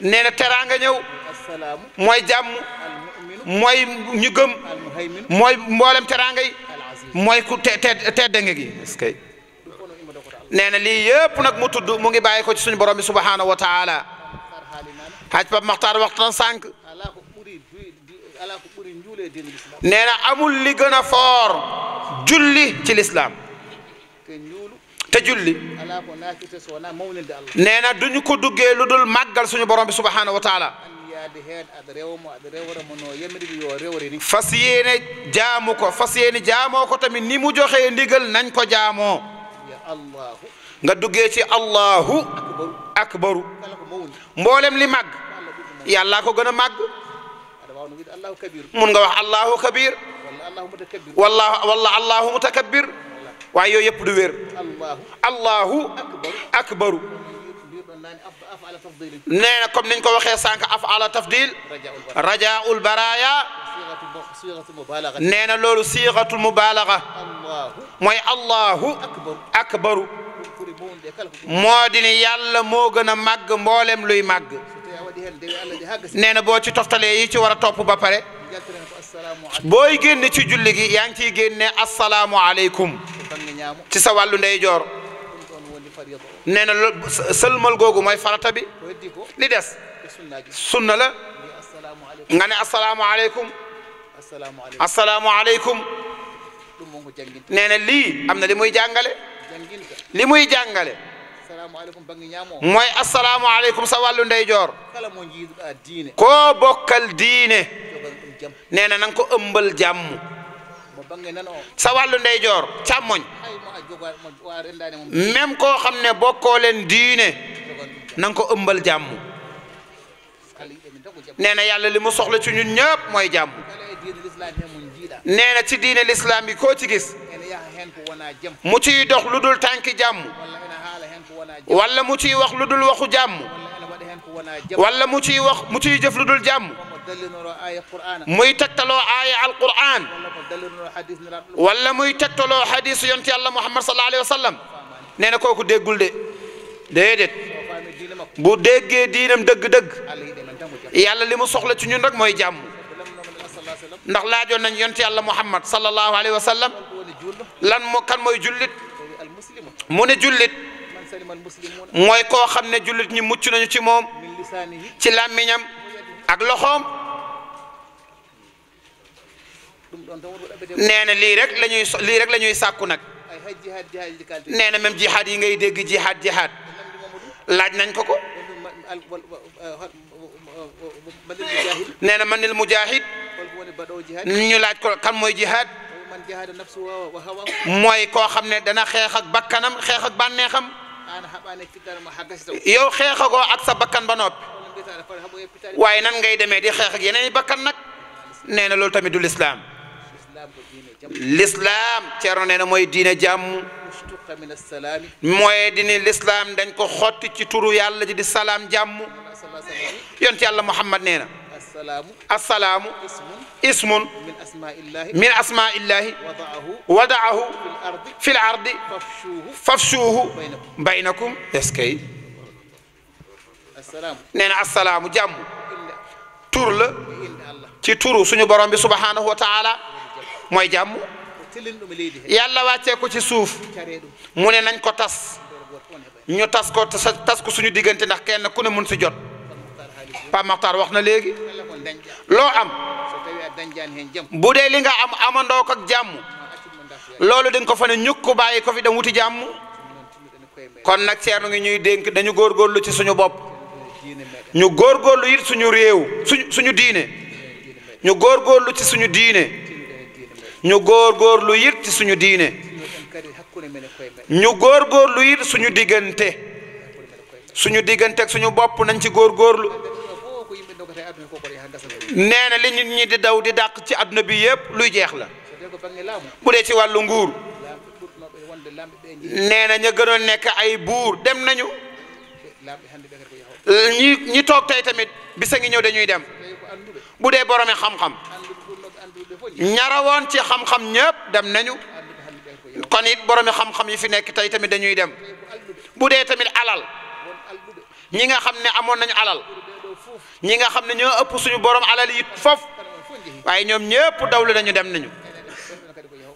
nee teraanga ñëw mooy jàmm mooy ñu gëm mooy mboolem teraanga yi mooy ku te te teddange gi nee na lii yëpp nag mu tudd mu ngi bàyyi ko ci suñu borom bi subhaanahu wa taala xaj Pap Maxtaar waxtaan sànq nee na amul li gën a julli ci lislaam te julli nee na duñu ko duggee lu dul suñu borom bi subhaanahu wa taala fas yéene jaamu ko fas yéene jaamoo ko tamit ni mu joxee ndigal nañ ko jaamoo nga duggee ci allahu akbaru mboolem li màgg yàllaa ko gën a mun nga wax allahu kabir walla walla allahu mutakabbir waaye yooyu yëpp du wér allahu akbaru نينا كوم نين كو وخي سانك افعال تفضيل رجاء البرايا صيغه المبالغه نينا لولو صيغه المبالغه موي الله اكبر مودين يالا مو غنا ماغ مبولم لوي ماغ نينا بو ورا توپ با بري بوي ген تي جولي كي يان السلام عليكم تسوى سوالو ندي نين سلم الغوغو ماي فراتا بي لي ديس سنة لا غاني السلام عليكم السلام عليكم نين لي امنا لي موي جانغالي لي موي جانغالي موي السلام عليكم سا والو نداي جور كو بوكال دين نين نانكو امبل جامو sa wàllu ndeyjoor càmmoñ même koo xam ne bokkoo leen diine na nga ko ëmbal jàmm nee na yàlla li mu soxla ci ñun ñëpp mooy jàmm nee na ci diine l'islam bi koo ci gis mu ciy dox lu dul tànki jàmm walla mu ciy wax lu dul waxu jàmm wala mu ciy wax mu ciy jëf lu dul jàmm muy tegtaloo aaya alquran wala muy tegtaloo xadis yonent yàlla muhammad sallallahu alayhi wa sallam nee na kooku déggul de déedéet bu déggee diinam dëgg-dëgg yàlla li mu soxla ci ñun rek mooy jàmm ndax laajoon nañ yonent yàlla muhammad sallallahu alayhi wa sallam lan moo kan mooy jullit mu ne jullit mooy koo xam ne jullit ñi mucc nañu ci moom ci làmmiñam ak loxoom nee na lii rek la ñuy lii rek la ñuy sàkku nag nee na même jihaad yi ngay dégg jihaad jihaad laaj nañ ko ko nee na manil mujahid ñu laaj ko kan mooy jihaad mooy ko xam ne dana xeex ak bakkanam xeex ak bànneexam yow xeexagoo ak aksa bakkan ba noppi waaye nan ngay demee di xeex ak yeneen i bakkan nag nee na loolu tamit du lislaam l'islam Thierno nee na mooy diine jàmm mooy diine l'islam dañ ko xotti ci turu yàlla ji di salaam jàmm yonent yàlla Muhammad nee na assalaamu ismun min asmaillahi wadaahu fi l ardi fafshuuhu baynakum est-ce que nee na assalaamu jàmm tur la ci turu suñu borom bi subhanahu wa taala mooy jàmm yàlla wàccee ko ci suuf mu ne nañ ko tas ñu tas ko tas ko suñu diggante ndax kenn ku ne mun si jot Pape Makhtar wax na léegi loo am bu dee li nga am amandoo ko ak jàmm loolu dañ ko fa ne ñukk bàyyi ko fi dem wuti jàmm kon nag Ceerno ngi ñuy dénk dañu góorgóorlu ci suñu bopp ñu góorgóorlu it suñu réew suñu suñu diine ñu góorgóorlu ci suñu diine ñu gor it ci suñu diine ñu góorgóorlu it suñu diggante suñu diggante ak suñu bopp nañ ci góorgóorlu nee na li nit ñi di daw di dàq ci bi jeex la bu ci nguur ña ay dem nañu ñi ñi toog tey tamit bisa ngi ñëw dañuy dem bu xam-xam ñara ci xam-xam ñëpp dem nañu kon it boromi xam-xam yi fi nekk tey tamit dañuy dem bu dee tamit alal ñi nga xam ne amoon nañu alal ñi nga xam ne ñoo ëpp suñu borom alal yi foofu waaye ñoom ñëpp dawlu nañu dem nañu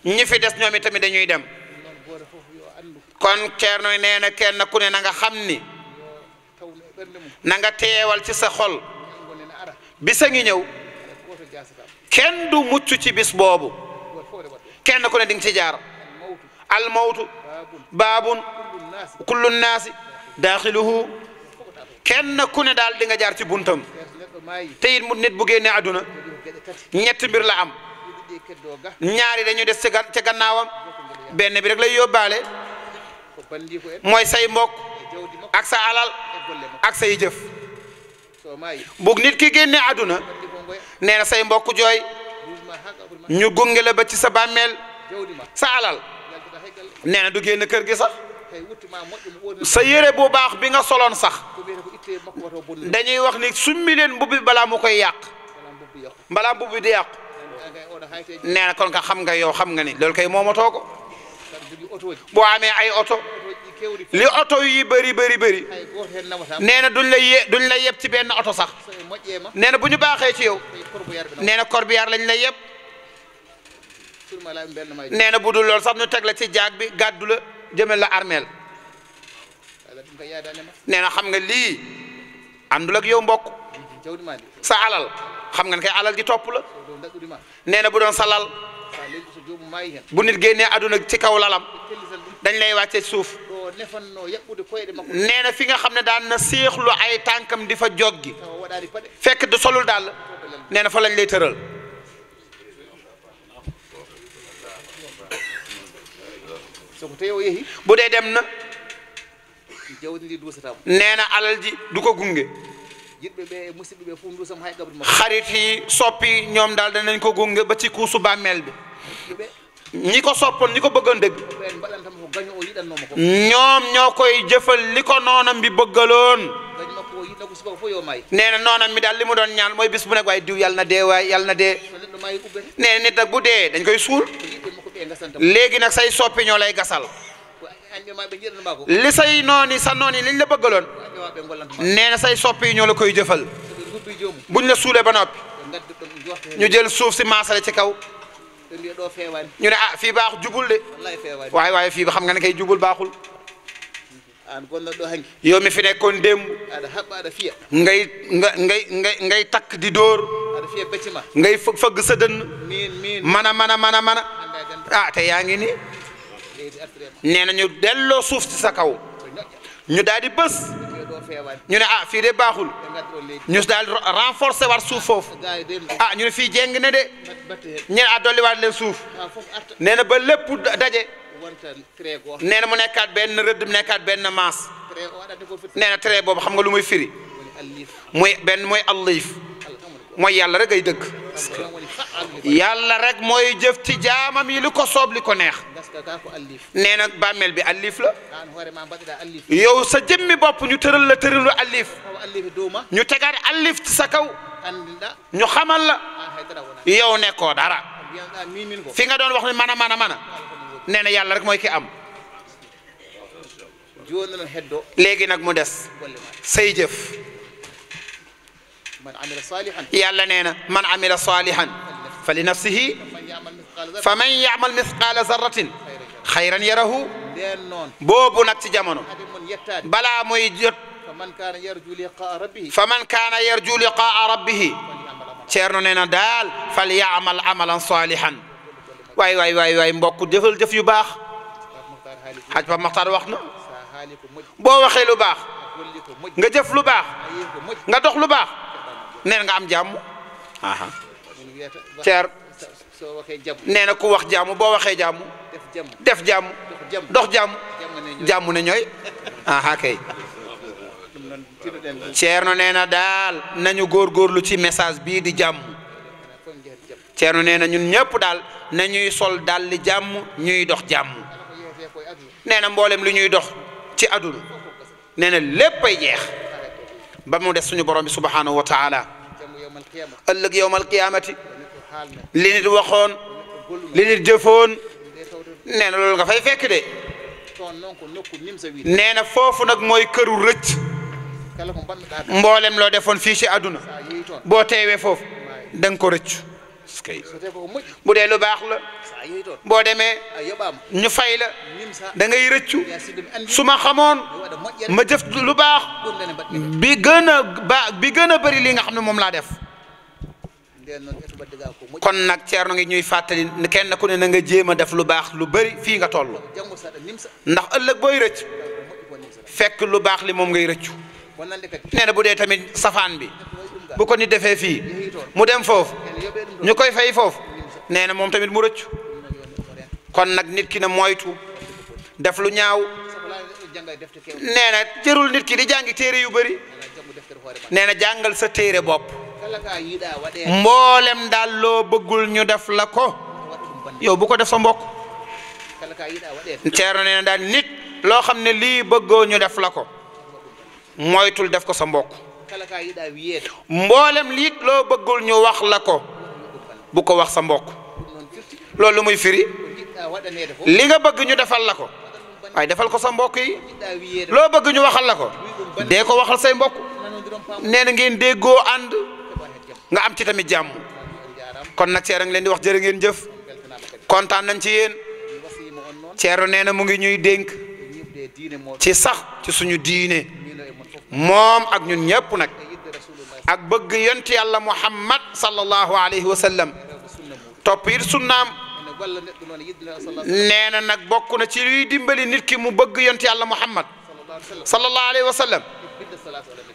ñi fi des ñoom tamit dañuy dem kon Ceerno nee na kenn ku ne na nga xam ni na nga teewal ci sa xol bisa ngi ñëw. kenn du mucc ci bis boobu kenn ku ne di nga ci jaar almawtu baabun kullu naasi daaxiluhu kenn ku ne daal di nga jaar ci buntam te mu nit bu génnee àdduna ñetti mbir la am ñaari dañuy des ca gannaawam benn bi rek lay yóbbaale mooy say mbok ak sa alal ak say jëf bu nit ki génnee àdduna nee na say mbokk jooy ñu gunge la ba ci sa bàmmeel sa alal nee na du génn kër gi sax sa yére bu baax bi nga soloon sax dañuy wax ni summi leen mbubbi balaa mu koy yàq balaa mbubbi di yàqu nee na kon nga xam nga yow xam nga ni loolu koy moomatoo ko boo amee ay oto li oto yi bëri bëri bëri nee na duñ la la yeb ci benn oto sax nee na bu ñu baaxee ci yow nee na corbillard lañ la yeb nee na bu dul loolu sax ñu teg la ci jaag bi gàddu la jëmel la armeel nee na xam nga lii àndul ak yow mbokk sa alal xam nga ne kay alal ji topp la nee na bu doon sa lal bu nit génnee àdduna ci kaw lalam dañ lay wàcce suuf. nee na fi nga xam ne daan na séexlu ay tànkam di fa joggi fekk du solul daal nee na fa lañ lay tëral bu dee dem na nee na alal ji du ko gunge xarit yi soppi ñoom daal danañ ko gunge ba ci kuusu bàmmeel bi ñi ko soppoon ñi ko bëggoon dëgg ñoom ñoo koy jëfal li ko noonam bi bëggaloon. nee na noonam mi daal li mu doon ñaan mooy bis bu nekk waaye diw yàlla na dee waaye yàlla na dee nee na nit nag bu dee dañ koy suul léegi nag say soppi ñoo lay gasal li say nooni sa nooni liñ la bëggaloon nee na say soppi ñoo la koy jëfal buñ la suulee ba noppi ñu jël suuf si maasale ci kaw. ñu ne ah fii baax jubul de waaye waaye fii ba xam nga ne kay jubul baaxul ah, yow mi fi nekkoon démb ngay nga ngay ngay ngay takk di dóor ngay fëgg sa dënn mana mana mana a ah te yaa ngi nii nee na ñu delloo suuf sa kaw ñu daal bës ñu ne ah fii de baaxul ñu daal renforcer war suuf foofu ah ñu ne fii jéng ne de ñu ne ah dolliwaat leen suuf ah, nee na ba lépp daje nee na mu nekkaat benn rëdd mu nekkaat benn maas nee na trait boobu xam nga lu muy firi muy benn mooy allif mooy yàlla rek ay dëgg. yàlla rek mooy jëf ci jaamam yi li ko soob li ko neex nee na bàmmeel bi allif la yow sa jëmmi bopp ñu tëral la tëralu allif ñu tegaat allif ci sa kaw ñu xamal la yow nekkoo dara fi nga doon wax ne man a man a man a nee na yàlla rek mooy ki am léegi nag mu des say jëf yàlla nee na man amila salihan fa li nafsihi fa man yamal mithqala zarratin xayran yarahu boobu nag ci jamono balaa muy jot fa man kaana yarju liqaa rabbihi ceerno nee na daal fal yaamal amalan salihan waay waay waay waay mbokk jëfal jëf yu baax xaj ba maxtaar wax na boo waxee lu baax nga jëf lu baax nga dox lu baax nee na nga am jàmm aha ceer nee na ku wax def jamu dox jàmm jàmm ne aha kay Ceerno nee na daal nañu góorgóorlu ci message bii di jàmm Ceerno nee na ñun nañuy sol dal li jamu ñuy dox jamu. Nenam na mboolem lu ñuy dox ci àdduna nee na jeex ba mu suñu borom subhanahu wa taala ëllëg yowmal qiyaamati li nit waxoon li nit jëfoon nee na loolu nga fay fekk de nee na foofu nag mooy këru rëcc mboolem loo defoon fii ci àdduna boo teewee foofu da nga ko rëcc bu dee lu baax la boo demee ñu fay la da ngay rëccu su ma xamoon ma jëf lu baax bi gën a ba li nga xam ne moom laa def kon nag ceerno ngi ñuy fàttali kenn ku ne na nga jéem a def lu baax lu bëri fii nga toll ndax ëllëg booy rëcc fekk lu baax li moom ngay rëccu nee na bu dee tamit safaan bi bu ko nit defee fii mu dem foofu ñu koy fay foofu nee na moom tamit mu rëcc kon nag nit ki na moytu def lu ñaaw nee na jërul nit ki di jàngi téere yu bëri nee na jàngal sa téere bopp Molem dallo loo bëggul ñu def la ko yow bu ko def sa mbokk ceerno na daal nit lo xam ne lii bëggoo ñu def la ko moytul def ko sa mbokk mboolem liit loo bëggul ñu wax la ko bu ko wax sa mbokk muy firi li nga bëgg ñu defal la ko waaye defal ko sa mbokk yi loo bëgg ñu waxal la ko dee ko waxal say mbokk ngeen nga am ci tamit jàmm kon nag Ceerno a ngi leen di wax jërë ngeen jëf kontaan nañ ci yéen Ceerno nee na mu ngi ñuy ci sax ci suñu diine ak ñun ñëpp nag ak bëgg yonti yàlla muhammad sallallahu alayhi wa sallam topp it nak nee na nag bokk na ci luy dimbali nit ki mu bëgg yonti muhammad sallallahu alayhi wa sallam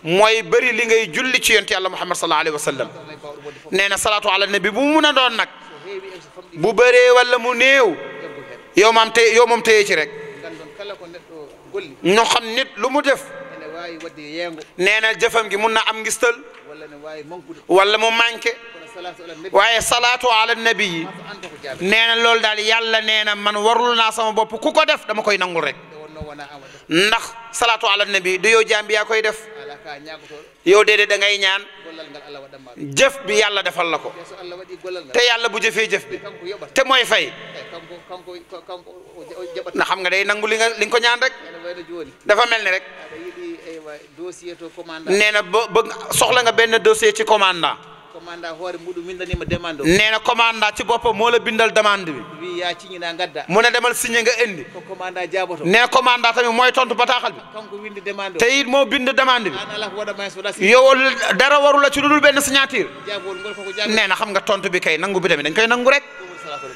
mooy bëri li ngay julli ci yonent yàlla muhammad sallallahu alayhi wa sallam nee na salaatu ala nabi bu mun a doon nag bu bëree walla mu néew yow maam yow moom téye ci rek ñu xam nit lu mu def nee na jëfam gi mun na am ngistal walla mu manqué waaye salaatu ala nabi yi nee na loolu daal yàlla nee na man warul naa sama bopp ku ko def dama koy nangul rek ndax salaatu ala nabi du yow jaam bi yaa koy def. yow déedéet da ngay ñaan jëf bi yàlla defal la ko te yàlla bu jëfee jëf bi te mooy fay eh, na xam nga day nangu li nga li nga ko ñaan rek dafa mel ni rek eh, nee na ba soxla nga benn dossier ci commandant nee na commandant ci boppam moo la bindal demande bi mu ne demal signé nga indi nee na commandant mooy tontu bataaxal bi te moo bind demande bi yow dara waru la ci lu dul nee na xam nga tontu bi kay nangu bi tamit dañ koy nangu rek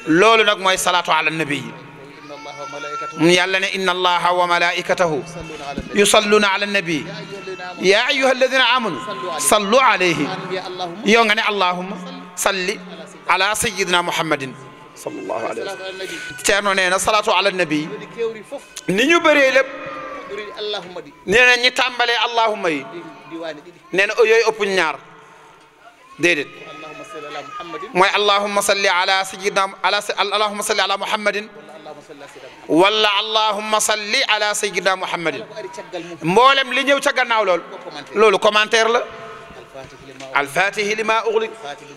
loolu nag mooy salaatu ala nabi yàlla ne inna allaha wa malaikatahu yusalluna ala nabi يا أيها الذين آمنوا صلوا عليه يوم غني اللهم صل على سيدنا محمد صلى الله عليه وسلم تيرنا نينا صلاة على النبي نيو بري لب نينا ني تامبالي اللهم دي نينا اويي اوبو نيار ديدت اللهم صل على محمد اللهم صل على سيدنا على اللهم صل على محمد اللهم صل على سيدنا ولا اللهم صل على سيدنا محمد مولم لي نيو تا غناو لول لول كومونتير لا الفاتح لما اغلق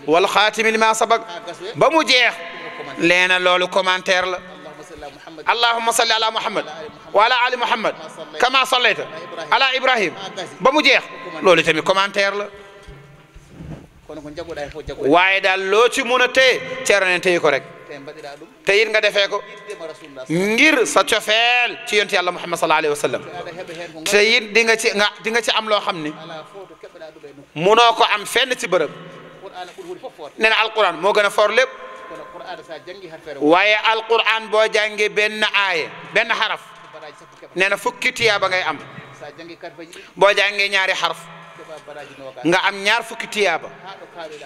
والخاتم لما سبق بامو جيخ لينا لول كومونتير لا اللهم صل على محمد وعلى ال محمد كما صليت على ابراهيم بامو جيخ لول تامي كومونتير لا E waaye daal loo ci mun a téye ceerno neen ko rek te it nga defee ko ngir sa cofeel ci yonent yàlla muhammad sallallahu alayhi wa sallam te it di nga ci nga di nga ci am loo xam ni munoo ko am fenn ci bërëb nee na alquran moo gën a for lépp waaye alquran boo jàngee benn aaye benn xaraf nee na fukki tiyaa ba ngay am boo jàngee ñaari xaraf nga am ñaar fukki tiyaaba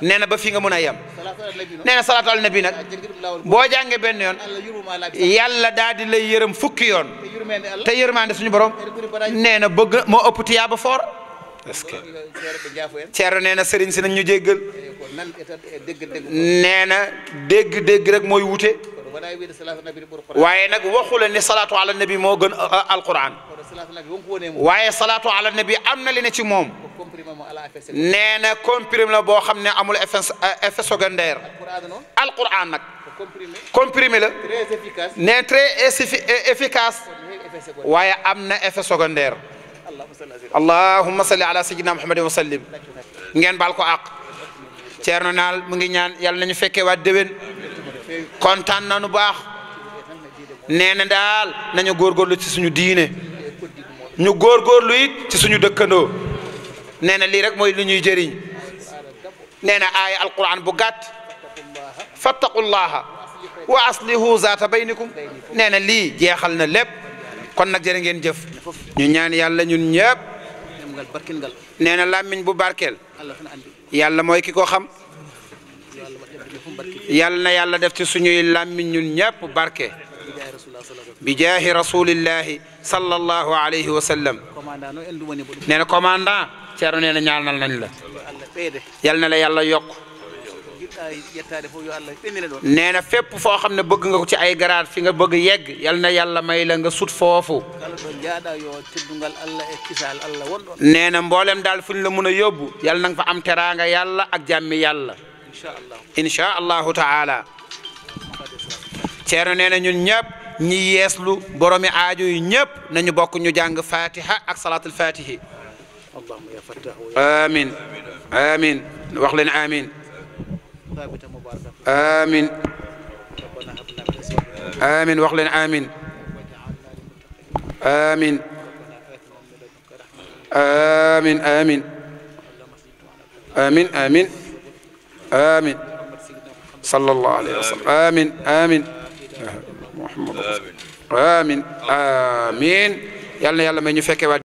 nee na ba fi nga mun a yam nee na salatu alnabi nag boo jàngee benn yoon yàlla daa di lay yërëm fukki yoon te yërmaande suñu borom nee na bëgg moo ëpp tiyaaba foor parce que ceer nee na sëriñ si nag ñu jéggal nee na dégg-dégg rek mooy wute waaye nag waxu la ni salatu ala nabi moo gën alquran waye salatu ala nabi amna na li ne ci mom neena comprimé la boo xam amul effet secondaire alquran nak comprimé la ne très efficace waye amna effet secondaire allahumma salli ala sayyidina muhammadin wa sallim ngeen baal ko àq ceerno naal mu ngi ñaan ñu góor it ci suñu dëkkandoo nee na lii rek mooy lu ñuy jëriñ nee na aaya alquran bu gàtt fattaqullaha wa aslihu zaata baynikum nee na lii jeexal na lépp kon na jërë ngeen jëf ñu ñaan yàlla ñun ñëpp nee na làmmiñ bu barkeel yàlla mooy ki ko xam yàlla na yàlla def ci suñuy làmmiñ ñun ñëpp barke بجاه رسول الله صلى الله عليه وسلم نانا كوماندا تيارو نانا نيالنا لنا يالنا لا يالا يوك نانا فيب فو خامنا بوغ نغا تي اي غرات فيغا بوغ ييغ يالنا يالا ماي لاغا سوت فوفو نانا مبولم دال فين لا مونا يوبو يالنا فا ام تيرانغا يالا اك جامي يالا ان شاء الله ان شاء الله تعالى ciéro néna ñun ñëpp ñi yeeslu boromi aaju yi ñëpp nañu bokk ñu jàng fatiha ak salatul fatihi amin amin wax leen amin amin amin wax leen amin amin amin amin amin amin amin sallallahu alayhi wa sallam آمين. آمين. محمد آمين آمين يلا يلا ما ينفكوا